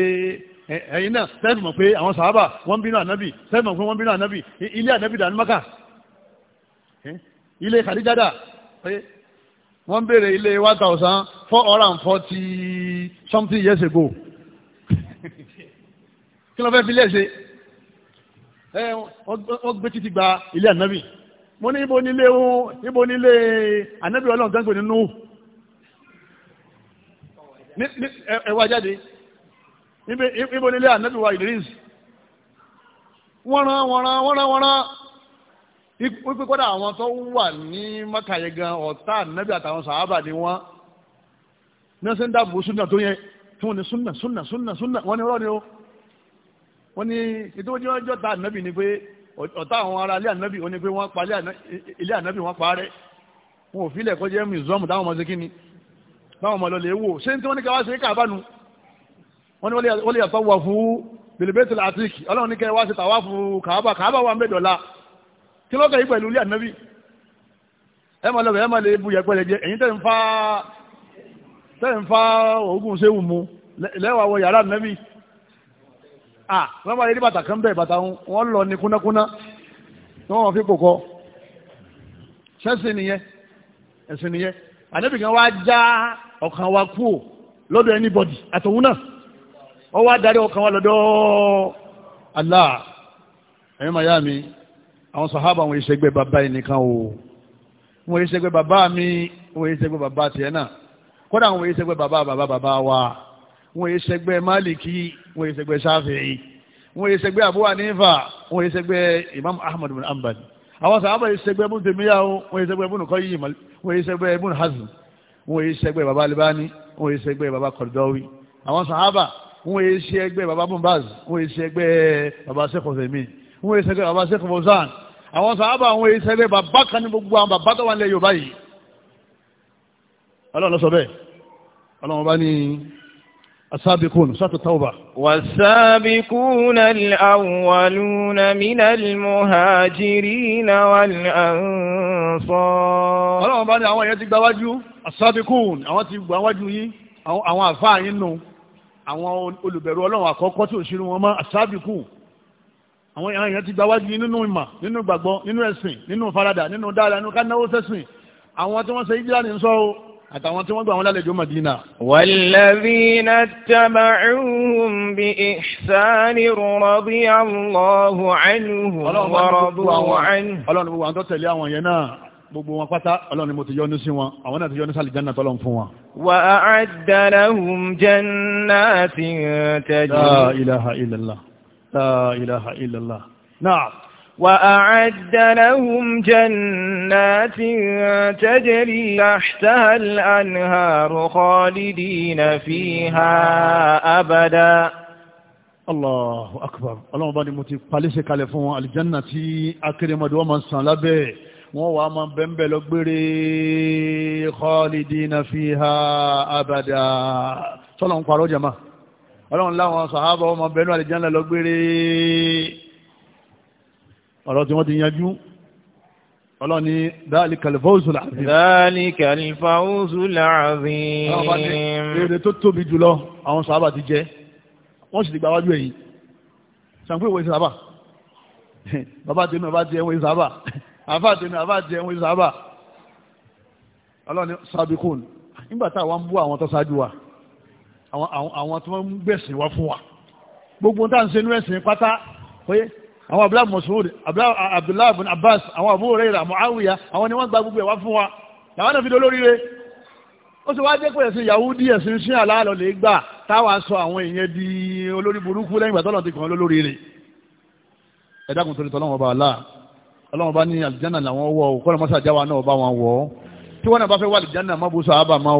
ẹ̀yin náà sẹ́ẹ̀mù mọ̀ pé àwọn sàábà wọ́n bínú ànábì sẹ́ẹ̀mù mọ̀ pé wọ́n bínú ànábì ilé ànábì dànù mọ́kà ilé kàdíjádà wọ́n béèrè ilé one thousand four hundred and forty something years ago kí ló fẹ́ fi léṣe ẹ wọ́n gbé títí gba ilé ànábì mo ní ibo nílé ohun ibo nílé ànábì ọlọ́run gángan nínú ẹwà jáde ibo nílé ànábì wa Idris wọ́n rán wọ́n rán wọ́n rán wọ́n rán wípé kọ́dà àwọn tó wà ní mọ́kàyẹ gan ọ̀tá nẹ́bí àtàwọn sàábà ni wọ́n náà ṣe ń dáàbò súnà tó yẹ tí wọ́n ní súnà súnà súnà súnà wọ́n ní rọ́ọ̀ni o wọ́n ní ètò ìjọ ọjọ́ ta ànábì ni pé ọ̀tá àwọn ará ilé ànábì ó ní pé wọ́n pa ilé ànábì wọ́n pa rẹ̀ wọn ò filẹ̀ kọjá ẹ̀mí zọ́ọ̀mù táwọn ọmọ ṣe kí ni táwọn ọmọ lọlẹ̀ wò ṣé tí wọ́n ní ká wá ṣe káàbánu wọ́n ní wọ́n lè yàtọ̀ wà fún bilibẹ́tìlì àtìkì ọlọ́run ní kẹ́ wá ṣe tàwa fún kàábà kàábà wà ń bẹ̀ dọ̀la kí ló kẹ́yìn pẹ̀lú ilé ànábì ẹ máa lọ ẹ máa lè bu yẹpẹrẹ jẹ ẹ̀yin tẹ̀ ń fa tẹ̀ ń fa oògùn ṣéwù mu lẹ́wà wọ yàrá ànábì à wọ́n máa lè rí bàtà kan bẹ̀ bàtà wọn lọ ní kúnnákúnná tí wọ́n fi kókọ́ ṣẹ́sìn nìyẹn ànábì kan wá já ọ̀kan wa kú lọ́dọ̀ anybody àtòun náà wọ́n wá darí ọkàn wa lọ́dọ̀ Allah ẹ̀yin màyá mi àwọn sàhábà wọn ìṣẹ́gbẹ́ bàbá ẹnìkan o wọn ìṣẹ́gbẹ́ bàbá mi wọn ìṣẹ́gbẹ́ bàbá tiẹ̀ náà kódà wọn ìṣẹ́gbẹ́ bàbá bàbá bàbá wa wọn ìṣẹ́gbẹ́ Málìkì wọn ìṣẹ́gbẹ́ Ṣáfi'í wọn ìṣẹ́gbẹ́ Abu Hanifa wọn ìṣẹ́gbẹ́ Imam Ahmad bin Hanbal àwọn sàhábà ìṣẹ́gbẹ́ Ibn Taymiyyah wọn ìṣẹ́gbẹ́ Ibn Qayyim wọn ìṣẹ́gbẹ́ Ibn Hazm wọn ìṣẹ́gbẹ́ bàbá Albani wọn ìṣẹ́gbẹ́ bàbá Qardawi àwọn sàhábà wọn ìṣẹ́gbẹ́ bàbá Ibn Baz wọn ìṣẹ́gbẹ́ bàbá Sheikh Uthaymeen wọn ìṣẹ́gbẹ́ àwọn sàábà àwọn èsẹ́ bẹ́ẹ̀ bàbá kan ní gbogbo àwọn bàbá tó wà nílẹ̀ Yorùbá yìí ọlọ́run ló sọ bẹ́ẹ̀ ọlọ́run bá ní asábìkún sọ́tò tọ́wọ́bà. wàsábìkún al'awwalún minal muhajirin wal'ansar. ọlọ́run bá ní àwọn àfáà yìí àwọn olùbẹ̀rù ọlọ́run àkọ́kọ́ tí ò àwọn èèyàn ti gbáwájú nínú ìmọ̀ nínú ìgbàgbọ́ nínú ẹ̀sìn nínú faradà nínú dára nínú kánáwó sẹ́sìn àwọn tí wọ́n ṣe ìjírà ní sọ́ o àtàwọn tí wọ́n gbà wọn lálejò Madina. wàlẹ́bìnà tàbàrùn bí ìṣàní rọ̀bí aláhù la ilaha illallah. لا إله إلا الله نعم وأعد لهم جنات تجري تحتها الأنهار خالدين فيها أبدا الله أكبر الله أكبر متي قاليس الجنة أكرم دوما سلبي wọ́n wà máa bẹ́m̀bẹ̀ lọ gbére khalidina fiha abada sọ́lọ̀ ń parọ́ jẹ́ máa ọlọ́run láwọn sàhábà ọmọ bẹnu àlìjánlá lọ gbére ọ̀rọ̀ tí wọ́n ti yanjú ọlọ́run ní dáàlì kalifáwùsù làbí. dáàlì kalifáwùsù làbí. èrè tó tóbi jùlọ àwọn sàhábà ti jẹ wọ́n sì ti gba wájú ẹ̀yìn sàǹpé ìwé sàhábà bàbá tèmi bàbá tèmi ìwé sàhábà àfà tèmi àfà tèmi ìwé sàhábà ọlọ́run ní sàbíkùn nígbà táwọn ń bú àwọn tó ṣáájú wa àwọn tí wọ́n ń gbẹ̀sìn wá fún wa gbogbo tá à ń ṣe inú ẹ̀sìn pátá oyé àwọn abdullahi masoud abdullahi bin abbas àwọn abu hurairah muawiya àwọn ni wọ́n gba gbogbo ẹ̀ fún wa làwọn náà fi dolóríire ó sì wá jẹ́ pé ẹ̀sìn yahudi ẹ̀sìn sí àlàálọ̀ lè gbà táwa sọ àwọn èèyàn di olórí burúkú lẹ́yìn ìgbà tọ́lọ̀ ti kàn lólóríire ẹ dákun torí tọ́lọ́wọ́n ọba àlá ọlọ́wọ́n bá ní àlìjánà làwọn wọ̀ kọ́lọ́mọ́sà jáwa náà bá wọn wọ̀ tí wọ́n náà bá fẹ́ wà àlìjánà má bu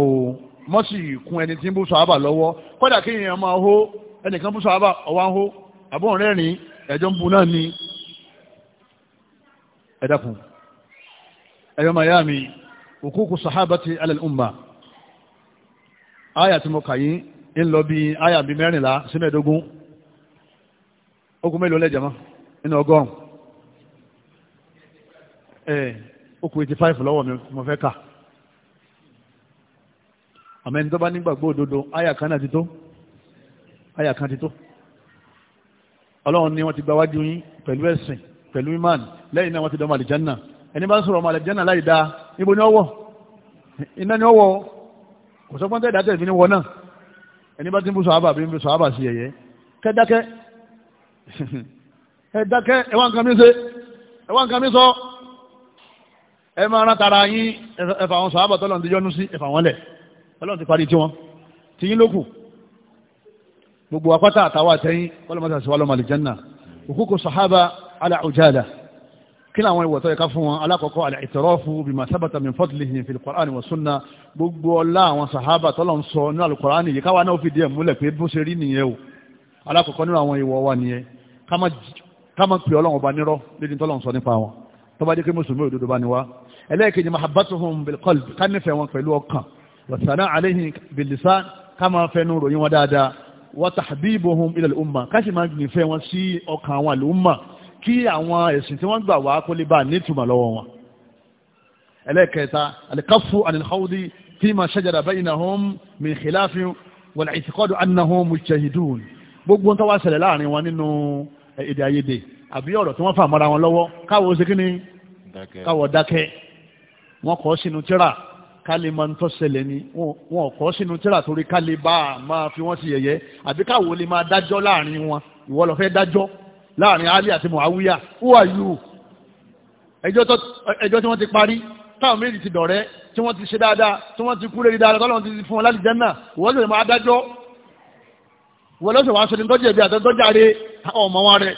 o mọ́ sì kun ẹni tí ń bú sàábà lọ́wọ́ kódà kí èèyàn máa hó ẹnìkan bú sàábà ọwá ń hó àbọ̀ rẹ́rìn ẹjọ́ ń bu náà ni ẹ̀dàkùn ẹ̀yọ́ miami òkúkú sàábà ti alẹ́lùmà áyà tí mo kà yín ń lọ bí áyà bí mẹ́rìnlá sí mẹ́ẹ̀ẹ́dógún okùn mélòó lẹ́jẹ̀mọ́ nínú ọgọ́rùn-ún okùn 85 lọ́wọ́ mi mo fẹ́ kà àmẹ́ni tó bá nígbàgbọ́ òdodo àyà kan náà ti tó àyà kan ti tó ọlọ́run ni wọ́n ti gbáwájú yín pẹ̀lú ẹ̀sìn pẹ̀lú imán lẹ́yìn náà wọ́n ti dọ́mọ àlìjánà ẹni bá ń sọ̀rọ̀ ọmọ àlìjánà láì dáa níbo ni ọwọ́ iná ni ọwọ́ kò sọ pọ́ńtẹ́ ìdátẹ̀ ìfini wọ náà ẹni bá ti ń bú sọ̀hábà bí ń bú sọ̀hábà sí ẹ̀yẹ kẹ́dákẹ́ ẹ̀dákẹ́ ẹ̀wá nǹkan mi ṣe ẹ̀wá nǹkan mi sọ ẹ máa rán tara yín ẹ̀fà àwọn sọ̀hábà tọ́lọ̀ ń dijọ́nu sí ẹ̀fà wọn lẹ̀ ọlọ́run ti parí tiwọn tiyín lókù gbogbo apáta àtàwọn àtẹyìn kọlọmọta sí wa lọmọ àlìjánná òkúkú sahaba ala ujala kí làwọn ìwọ̀tọ́ yẹ ká fún wọn alákọ̀ọ́kọ́ al-i'tirafu bima sabata min fadlihi fil Qur'an wa sunna gbogbo ọlá àwọn sahaba tọ́lọ̀ ń sọ nínú al-Qur'an yìí káwa náà fi díẹ̀ múlẹ̀ pé bó ṣe rí nìyẹn o alákọ̀ọ́kọ́ nínú àwọn ìwọ̀ wa nìyẹn ká má pè ọlọ́run ọba nírọ́ lédi tọ́lọ̀ ń sọ nípa wọn tó bá kí mùsùlùmí òdodo bá ní wa ẹlẹ́ẹ̀kejì mahabbatuhum bil ká nífẹ̀ẹ́ wọn pẹ̀lú ọkàn wàsánà àléhìn bìlìsán ká máa fẹnu ròyìn wọn dáadáa wa tahbibuhum ila al-umma ká sì máa gbìnfẹ́ wọn sí ọkàn àwọn àlùmà kí àwọn ẹ̀sìn tí wọ́n gbà wá kó lè bá nítumọ̀ lọ́wọ́ wọn. ẹlẹ́kẹta al-kaffu anil khawdi fima shajara baynahum min khilafin wal-i'tiqadu annahum mujtahidun gbogbo tó wá ṣẹlẹ̀ láàrin wọn nínú èdè àyèdè àbí ọ̀rọ̀ tí wọ́n fà mọ́ra wọn lọ́wọ́ káwọ́ ṣe kíni káwọ́ dákẹ́ wọn kọ́ sínú tíra kálí máa ń tọ́sẹ̀lẹ̀ ni wọn kọ́ sínú tíra torí kálí bá a máa fi wọ́n sí yẹ̀yẹ́ àbí káwo lè máa dájọ́ láàrin wọn ìwọ lọ fẹ́ dájọ́ láàrin Ali àti Muawiya who are you ẹjọ́ tí wọ́n ti parí táwọn méjì ti dọ̀rẹ́ tí wọ́n ti ṣe dáadáa tí wọ́n ti kú lórí dáadáa tọ́lọ́wọ́n ti fún wọn láti jẹ́ náà wọ́n lè máa dájọ́ wọ́n lọ́sọ̀ wá sọ́ni tọ́jú ẹ̀bí àtọ́jàre ọmọ wọn rẹ̀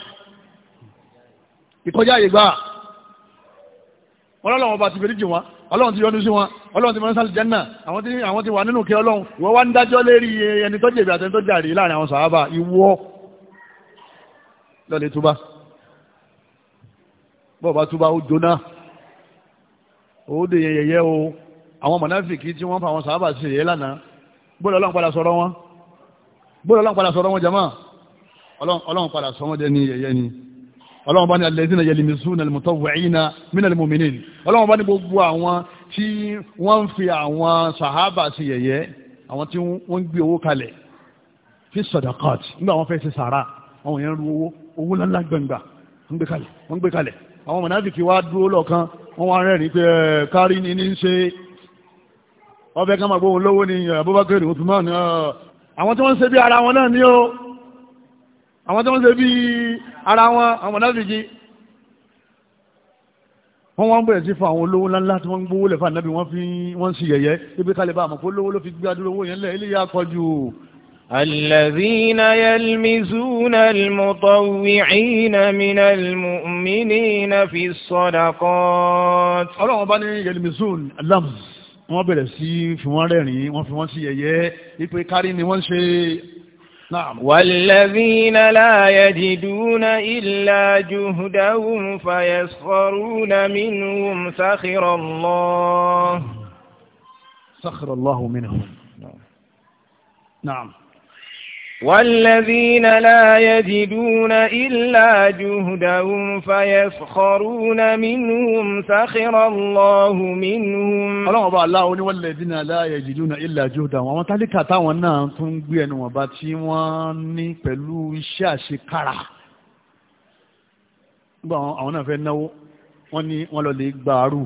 ìkọjá ìgbà wọn lọ́lọ́wọ́n bá ti fèrè ọlọ́run ti yọ́nú sí wọn ọlọ́run ti mọ́ sálì jẹ́nà àwọn ti wà nínú kí ọlọ́run ìwọ wá ń dájọ́ lérí ẹni tó jẹ̀bi àtẹni tó jàre láàrin àwọn sàhábà ìwọ lọ́lẹ̀ túbá bọ́ọ̀bá túbá ó jóná ó dè yẹyẹ o àwọn mọ̀náfìkì tí wọ́n fa àwọn sàhábà sí yẹ lánàá bóòlù ọlọ́run padà sọ̀rọ̀ wọn bóòlù ọlọ́run padà sọ̀rọ̀ wọn jàmáà ọlọ́run padà sọ̀rọ̀ wọn jẹ́ ní yẹyẹ ni ọlọ́wọ́n bá ní alẹ́sìn yẹlẹmísún almutawwi'ina min almu'minin ọlọ́wọ́n bá ní gbogbo àwọn tí wọ́n ń fi àwọn sàhábà sí yẹ̀yẹ́ àwọn tí wọ́n ń gbé owó kalẹ̀ fi sadaqat nígbà wọn fẹ́ ṣe sàrà àwọn yẹn ru owó owó ńláńlá gbẹ̀ngbà wọ́n gbé kalẹ̀ àwọn mọ̀nàfìkì wá dúró lọ́ọ̀kan wọ́n wá rẹ́rìn pé kárí ni ní ṣe ọbẹ̀ kan máa gbóhùn lówó ni Abubakar Uthman àwọn tí wọ́n ń ṣe bí ara wọn náà ní o àwọn tó ń ṣe bí ara wọn àwọn mọ̀nàfíjì wọ́n wá bẹ̀rẹ̀ sí fún àwọn olówó ńláńlá tí wọ́n ń gbówó lẹ̀ fún wọ́n fi wọ́n ń yẹ̀yẹ́ ibi kalẹ̀ bá àmọ́ olówó ló fi gbé adúlówó yẹn lẹ̀ ilé yà kọjú الذين يلمزون المطوعين من المؤمنين في الصدقات ọlọ́run bá ní yelmizun lams wọ́n bẹ̀rẹ̀ sí fi wọ́n rẹ́rìn-ín wọ́n fi نعم والذين لا يجدون إلا جهدهم فيسخرون منهم سخر الله سخر الله منهم نعم, نعم. والذين لا يجدون إلا جهدهم فيسخرون منهم سخر الله منهم ọlọ́run ọba aláwọ̀ ní والذين لا يجدون إلا جهدهم àwọn tálíkà táwọn náà tún gbé ẹnu ọba tí wọ́n ní pẹ̀lú iṣẹ́ àṣekára nígbà àwọn náà fẹ́ náwó wọ́n ní wọ́n lọ lè gbàárù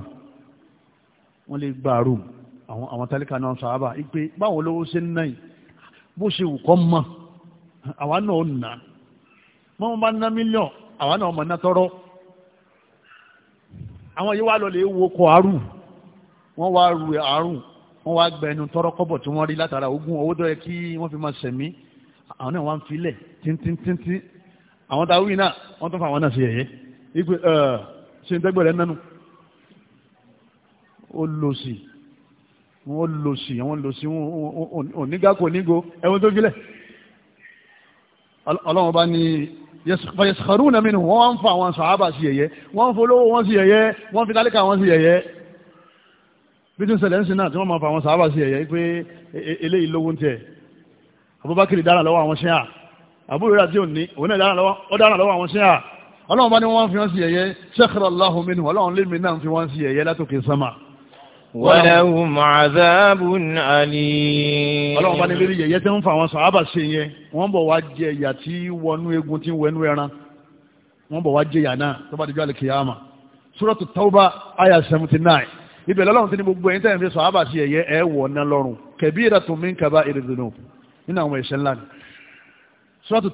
wọ́n lè gbàárù àwọn tálíkà náà sàábà ìpè báwọn olówó ṣe ń náà bó ṣe wù kọ́ mọ́ àwa náà ó nà mọ́ wọn bá ná mílíọ̀n àwa náà ọmọ náà tọ́rọ́ àwọn yìí wá lọ lè wo kọ àrùn wọ́n wá ru àrùn wọ́n wá gba ẹnu tọ́rọ́ kọ́bọ̀ tí wọ́n rí látara ogún owó dọ́yẹ kí wọ́n fi máa sẹ̀mí àwọn náà wọ́n filẹ̀ tíntíntíntí àwọn táwí náà wọ́n tó fa àwọn náà sí ẹ̀yẹ́ ìgbé ṣe ń tẹ́gbẹ̀rẹ̀ nánú ó lò sí wọ́n lò sí wọ́n lò sí onígá kò nígo ẹ̀wọ̀n tó filẹ̀ ọlọ́run bá ní yẹsùkọrù náà mínú wọ́n ń fa àwọn sàábà sí yẹ̀yẹ́ wọ́n ń folówó wọ́n sí yẹ̀yẹ́ wọ́n fi tálíkà wọ́n sí yẹ̀yẹ́ bí tí ń ṣẹlẹ̀ ń sin náà tí wọ́n máa fa àwọn sàábà sí yẹ̀yẹ́ pé e, e, eléyìí lówó ń tẹ̀ Abubakar dára lọ́wọ́ àwọn ṣẹ́yà àbúrò tí ò ní òun náà dára lọ́wọ́ àwọn ṣẹ́yà ọlọ́run bá ní wọ́n fi wọ́n sí yẹ̀yẹ́ sẹ́kẹ̀rọ̀ wàlẹ́hùn àzábùn àlì. ọlọ́run bá ní lérí yẹ̀yẹ́ tẹ́ ń fa àwọn sàábà ṣe yẹn wọ́n bọ̀ wá jẹ ìyà tí wọnú egun tí wẹnú ẹran wọ́n bọ̀ wá jẹ ìyà náà tó bá dijọ́ àlè kìyàmà súrọ́tù tọ́ba àyà seventy ibẹ̀ lọ́lọ́run ti ní gbogbo ẹ̀yìn tẹ́yìn fi sàábà ṣe yẹ̀yẹ́ ẹ̀ wọ̀ ná lọ́rùn kẹ̀bí ìrà tó mí kaba ìrìndùnú nínú àwọn ẹ̀ṣẹ̀ ńlá ni súrọ́tù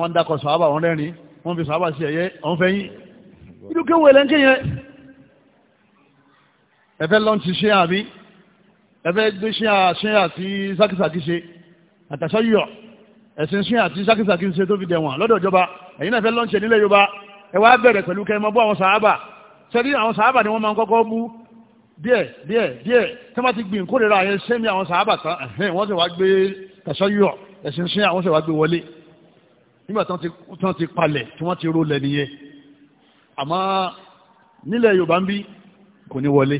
wọ́n dákọ̀ sàábà wọn rẹ́rin wọ́n fi sàábà sí ẹ̀yẹ ọ̀n fẹ́ yín inú kéwò ilẹ̀ ń ké yẹn ẹ̀fẹ́ lọ́n ti ṣe àbí ẹ̀fẹ́ gbé ṣe àṣẹ àti sákìsàkì ṣe àtàṣọ yíyọ ẹ̀sìn ṣe àti sákìsàkì ṣe tó fi dẹ̀wọ̀n lọ́dọ̀ ìjọba ẹ̀yin náà fẹ́ lọ́n nílẹ̀ Yorùbá ẹ wá bẹ̀rẹ̀ pẹ̀lú kẹ́ ẹ ni wọ́n máa ń kọ́kọ́ bú díẹ̀ díẹ̀ díẹ̀ tí wọ́n ti gbìn kórìíra yẹn sẹ́mi àwọn sàábà tán wọ́n nígbà tán ti palẹ̀ tí wọ́n ti rólẹ̀ nìyẹn àmọ́ nílẹ̀ Yorùbá ń bí kò ní wọlé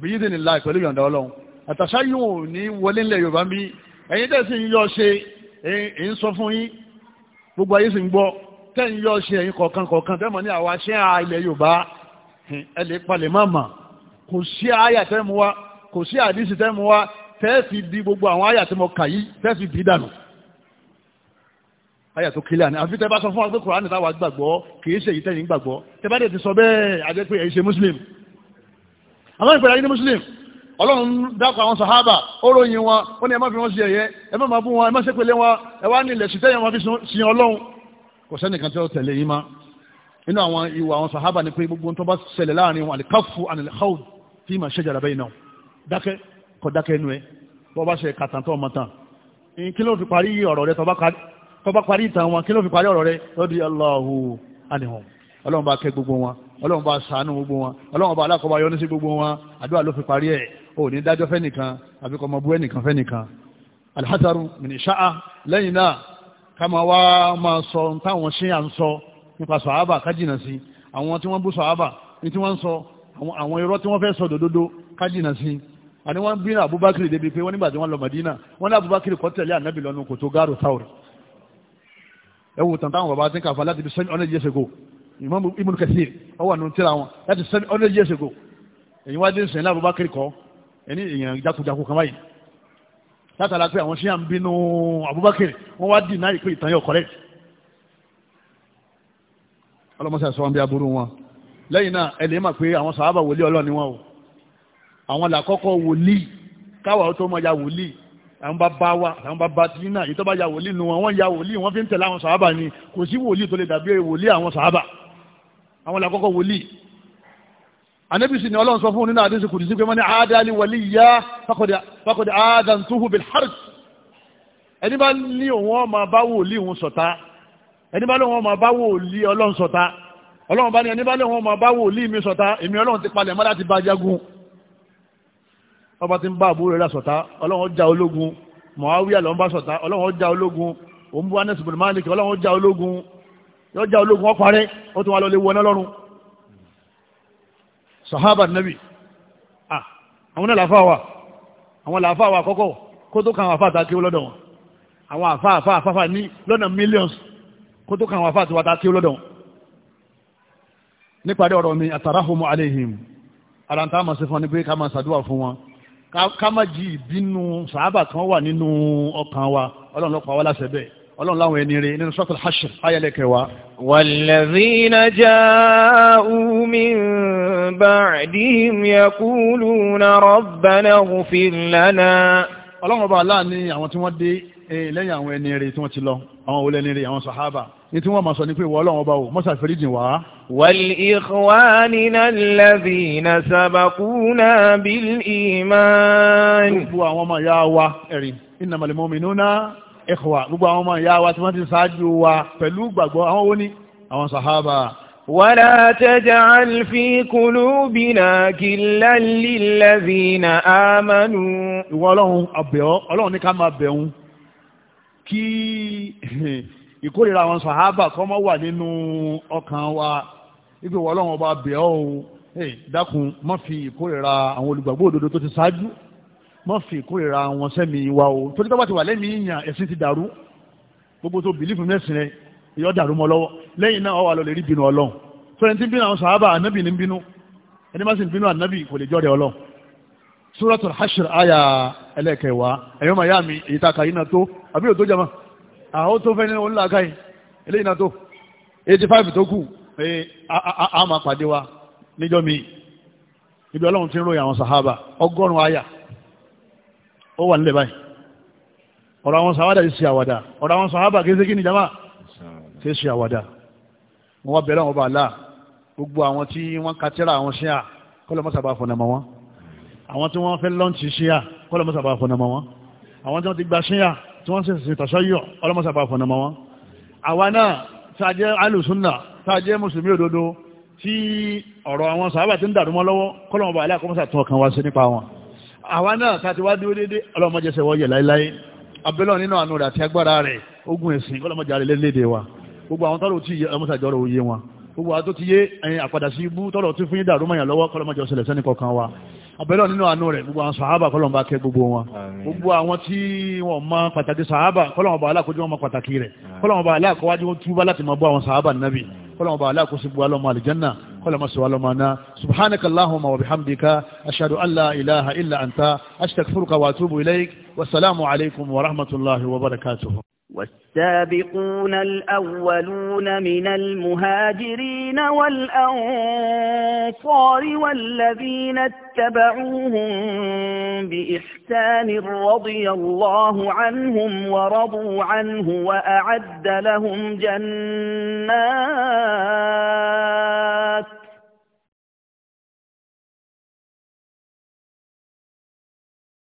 bí yídìí nílá pẹ̀lú yọ̀ǹda Ọlọ́run àtàṣà yóò ní wọlé nílẹ̀ Yorùbá ń bí ẹ̀yin tẹ̀sí yọ ṣe èyí ń sọ fún yín gbogbo ayé sì ń gbọ́ tẹ́yìn yọ ṣe ẹ̀yin kọ̀ọ̀kan kọ̀ọ̀kan tẹ́mọ̀ ní àwa ṣẹ́ à ilẹ̀ Yorùbá ẹ lè palẹ̀ má mà kò sí àyà tẹ́mu wa kò sí àdísì tẹ́mu wa tẹ́ẹ̀ fi di gbogbo àwọn àyà tẹ́mu kà yìí tẹ́ẹ̀ fi dì dànù àyà tó kílẹ̀ àná àfi tẹ́ bá sọ fún wa pé kùránì táwa gbàgbọ́ kìí ṣe èyí tẹ́yìn gbàgbọ́ tẹ́ bá dẹ̀ ti sọ bẹ́ẹ̀ àjẹ́ pé muslim àwọn ìpẹ̀lẹ̀ ayé muslim ọlọ́run dákọ̀ àwọn sàhábà ó ròyìn wọn ó ní ẹ má fi wọn sí ẹ̀yẹ ẹ má máa bú wọn ẹ má ṣe pẹ̀lẹ́ wọn ẹ wá ní ilẹ̀ sí tẹ́yìn wọn fi sin ọlọ́run kò sẹ́nìkan tí ó tẹ̀lé yín má nínú àwọn ìwà àwọn sàhábà ni pé gbogbo tó bá ṣẹlẹ̀ láàrin tó bá parí ìtàn wọn kí ló fi parí ọ̀rọ̀ rẹ lọ́dí Allahu anihum ọlọ́run bá kẹ́ gbogbo wọn ọlọ́run bá ṣàánú gbogbo wọn ọlọ́run bá alákọ̀ọ́bá yọ ní sí gbogbo wọn àdúrà ló fi parí ẹ̀ ò ní dájọ́ fẹ́nìkan àbí kọ́ ọmọ bú ẹnìkan fẹ́nìkan alhassaru mìníṣáà lẹ́yìn náà ká máa wá máa sọ táwọn ṣe à ń sọ nípa sọ̀hábà kájìnà sí àwọn tí wọ́n bú sọ̀hábà ní tí wọ́n sọ àwọn irọ́ tí wọ́n fẹ́ sọ dòdòdó kájìnà sí àní wọ́n bí abubakar débi pé wọ́n nígbà tí wọ́n lọ Madina wọ́n ní abubakar kọ́ tẹ̀lé ànábì lọ́nu kò tó gáàrò táwọ̀rì ẹwù tàn táwọn bàbá ti ń kà fún láti bí seven hundred years ago Imam Ibn Kathir ọ wà nù tíra wọn láti seven hundred years ago èyí wá dé ń sẹ́yìn lábúbá kiri kọ́ ẹni èèyàn jákujáku kan báyìí látara pé àwọn ṣíyà ń bínú Abubakar wọn wá dì náà ìpè ìtàn yóò correct ọlọmọṣẹ sọ wọn bí aburú wọn lẹ́yìn náà ẹ lè mọ̀ pé àwọn sàábà wòlíì Ọlọ́run ni wọn o àwọn làkọ́kọ́ wòlíì káwa tó mọ̀ ya wòlíì àwọn bàbá wa àwọn bàbá tí náà yìí tó bá ya wòlíì nu wọn wọ́n ya wòlíì wọ́n fi ń tẹ̀lé àwọn sàábà ni kò sí wòlíì tó lè dàbí wòlíì àwọn sàábà àwọn làkọ́kọ́ wòlíì anabisi ni ọlọ́run sọ fún nínú àdéhùn kùdì sí pé wọ́n ní àádáni waliya faqad aadantuhu bil harb ẹni bá ní òun ọmọ bá wòlíì òun ṣọ̀tá ẹni bá lóun ọmọ bá wòlíì ọlọ́run ṣọ̀tá ọlọ́run bá ní ẹni bá lóun ọmọ bá wòlíì mi ṣọ̀tá èmi ọlọ́run ti palẹ̀ mọ́ láti bá jagun ọba ti ń bá àbúrò rẹ̀ sọ̀tá ọlọ́run já ológun mọ̀háwíyà ló ń bá sọ̀tá ọlọ́run já ológun òun bú anẹ́sì bùnú máàlìkì ọlọ́run já ológun yóò já ológun ọkọ̀ rẹ̀ ó tún wà lọ lè wọ ọlọ́run sahaba nabi ah àwọn náà làáfà wà àwọn làáfà wà kọ́kọ́ kó tó kàn àwọn àfà àtàkì lọ́dọ̀ wọn àwọn àfà àfà àfàfà ní lọ́nà millions kó tó kàn àwọn àfà àti wàtàkì lọ́dọ̀ wọn nípàdé ọ̀rọ̀ mi àtàràhùmù aléhìm àràǹtà máa ṣe fún ọ ní pé ká máa ṣàdúrà fún wọn ká má jí ìbínú sàábà kan wà nínú ọkàn wa ọlọ́run ló pa wá láṣẹ bẹ́ẹ̀ ọlọ́run láwọn ẹni rẹ̀ nínú sọ́kùl hashr ayẹlẹ́kẹwa. wàlẹ̀zínà já umin ba'dihim yaquluna rabbana ghfir lana. ọlọ́run ọba aláàánú àwọn tí wọ́n dé eh, lẹ́yìn àwọn ẹni rẹ̀ tí wọ́n ti lọ àwọn olẹ́ni rẹ̀ àwọn sàhábà ní tí wọ́n máa sọ ní pé ìwọ ọba o mọ́sá fẹ́ríjì wá. wal ikhwanina alladhina sabaquna bil gbogbo àwọn ọmọ ìyá wa ẹ̀rí innamal mu'minuna ikhwa gbogbo àwọn ọmọ ìyá wa tí wọ́n ti ṣáájú wa pẹ̀lú gbàgbọ́ àwọn wo ni àwọn sàhábà. ولا تجعل في قلوبنا غلا للذين آمنوا ìwọ Ọlọ́run àbẹ̀ọ́ Ọlọ́run ìkórìíra àwọn sàhábà kọ́ mọ́ wà nínú ọkàn wa ibi wọ́n lọ́wọ́ bá bẹ̀ ọ́ o dákun má fi ìkórìíra àwọn olùgbàgbọ́ òdodo tó ti ṣáájú má fi ìkórìíra àwọn sẹ́mi wa o torí tó bá ti wà lẹ́mìí ìyàn ẹ̀sìn ti dàrú gbogbo tó bìlífù mẹ́sìn rẹ ìyọ́ dàrú mọ́ lọ́wọ́ lẹ́yìn náà ọwà lọ lè rí bínú ọlọ́run fẹ́rẹ̀ tí ń bínú àwọn sàhábà ànábì ní bínú ẹni má sì ń bínú ànábì kò lè jọ́rẹ̀ ọlọ́run Suratul Hashr aya ẹlẹ́kẹ̀wá ẹ̀yọ́ màyá mi èyí ta kàyí náà tó àbí òtó jama àwọn tó fẹ́ ní onílàákàyè eléyìí náà tó eighty five tó kù a máa pàdé wa níjọ́ mi ibi ọlọ́run ti ń ròyìn àwọn sàhábà ọgọ́rùn-ún àyà ó wà nílẹ̀ báyìí ọ̀rọ̀ àwọn sàhábà kìí ṣe àwàdà ọ̀rọ̀ àwọn sàhábà kìí ṣe kí ni jama kìí ṣe àwàdà wọ́n wá bẹ̀rẹ̀ àwọn ọba àlá gbogbo àwọn tí wọ́n ka tẹ́ra àwọn ṣíà kọ́lọ̀ fọ̀nàmọ́ wọn àwọn tí wọ́n fẹ́ lọ́ǹtì ṣíà kọ́lọ̀ fọ̀nàmọ́ wọn àwọn tí wọ́n ti gba ṣíà tí wọ́n sì tàṣọ́yọ̀ ọlọ́mọ́sàbà fọ̀nàmọ́ wọn àwa náà tàjẹ́ alùsùnà tàjẹ́ mùsùlùmí òdodo tí ọ̀rọ̀ àwọn sàábà ti ń dàrú mọ́ lọ́wọ́ kọ́lọ̀mọba aláàkọ́mọ́sà tún ọkàn wá sí nípa wọn àwa náà tàti wá dúró dédé ọlọ́mọjẹsẹ̀ wọ́yẹ̀ láíláí abẹ́lọ́ nínú àánú rẹ̀ àti agbára rẹ̀ ogun ẹ̀sìn ọlọ́mọjàre lẹ́lẹ́dẹ̀ wa gbogbo àwọn tọ́lọ̀ tí ọmọsàjọ́rọ̀ òye wọn gbogbo àwọn tó ti yé àbẹ̀lọ́ nínú àánú rẹ̀ gbogbo àwọn sàhábà kọ́lọ̀mbà kẹ gbogbo wọn gbogbo àwọn tí wọ́n mọ pàtàkì sàhábà kọ́lọ̀mbà alákòójú wọn mọ pàtàkì rẹ̀ kọ́lọ̀mbà alákòwájú wọn túbá láti mọ bọ́ àwọn sàhábà nàbì kọ́lọ̀mbà alákòósí bu alọ́mọ alọ́mọ والسابقون الأولون من المهاجرين والأنصار والذين اتبعوهم بإحسان رضي الله عنهم ورضوا عنه وأعد لهم جنات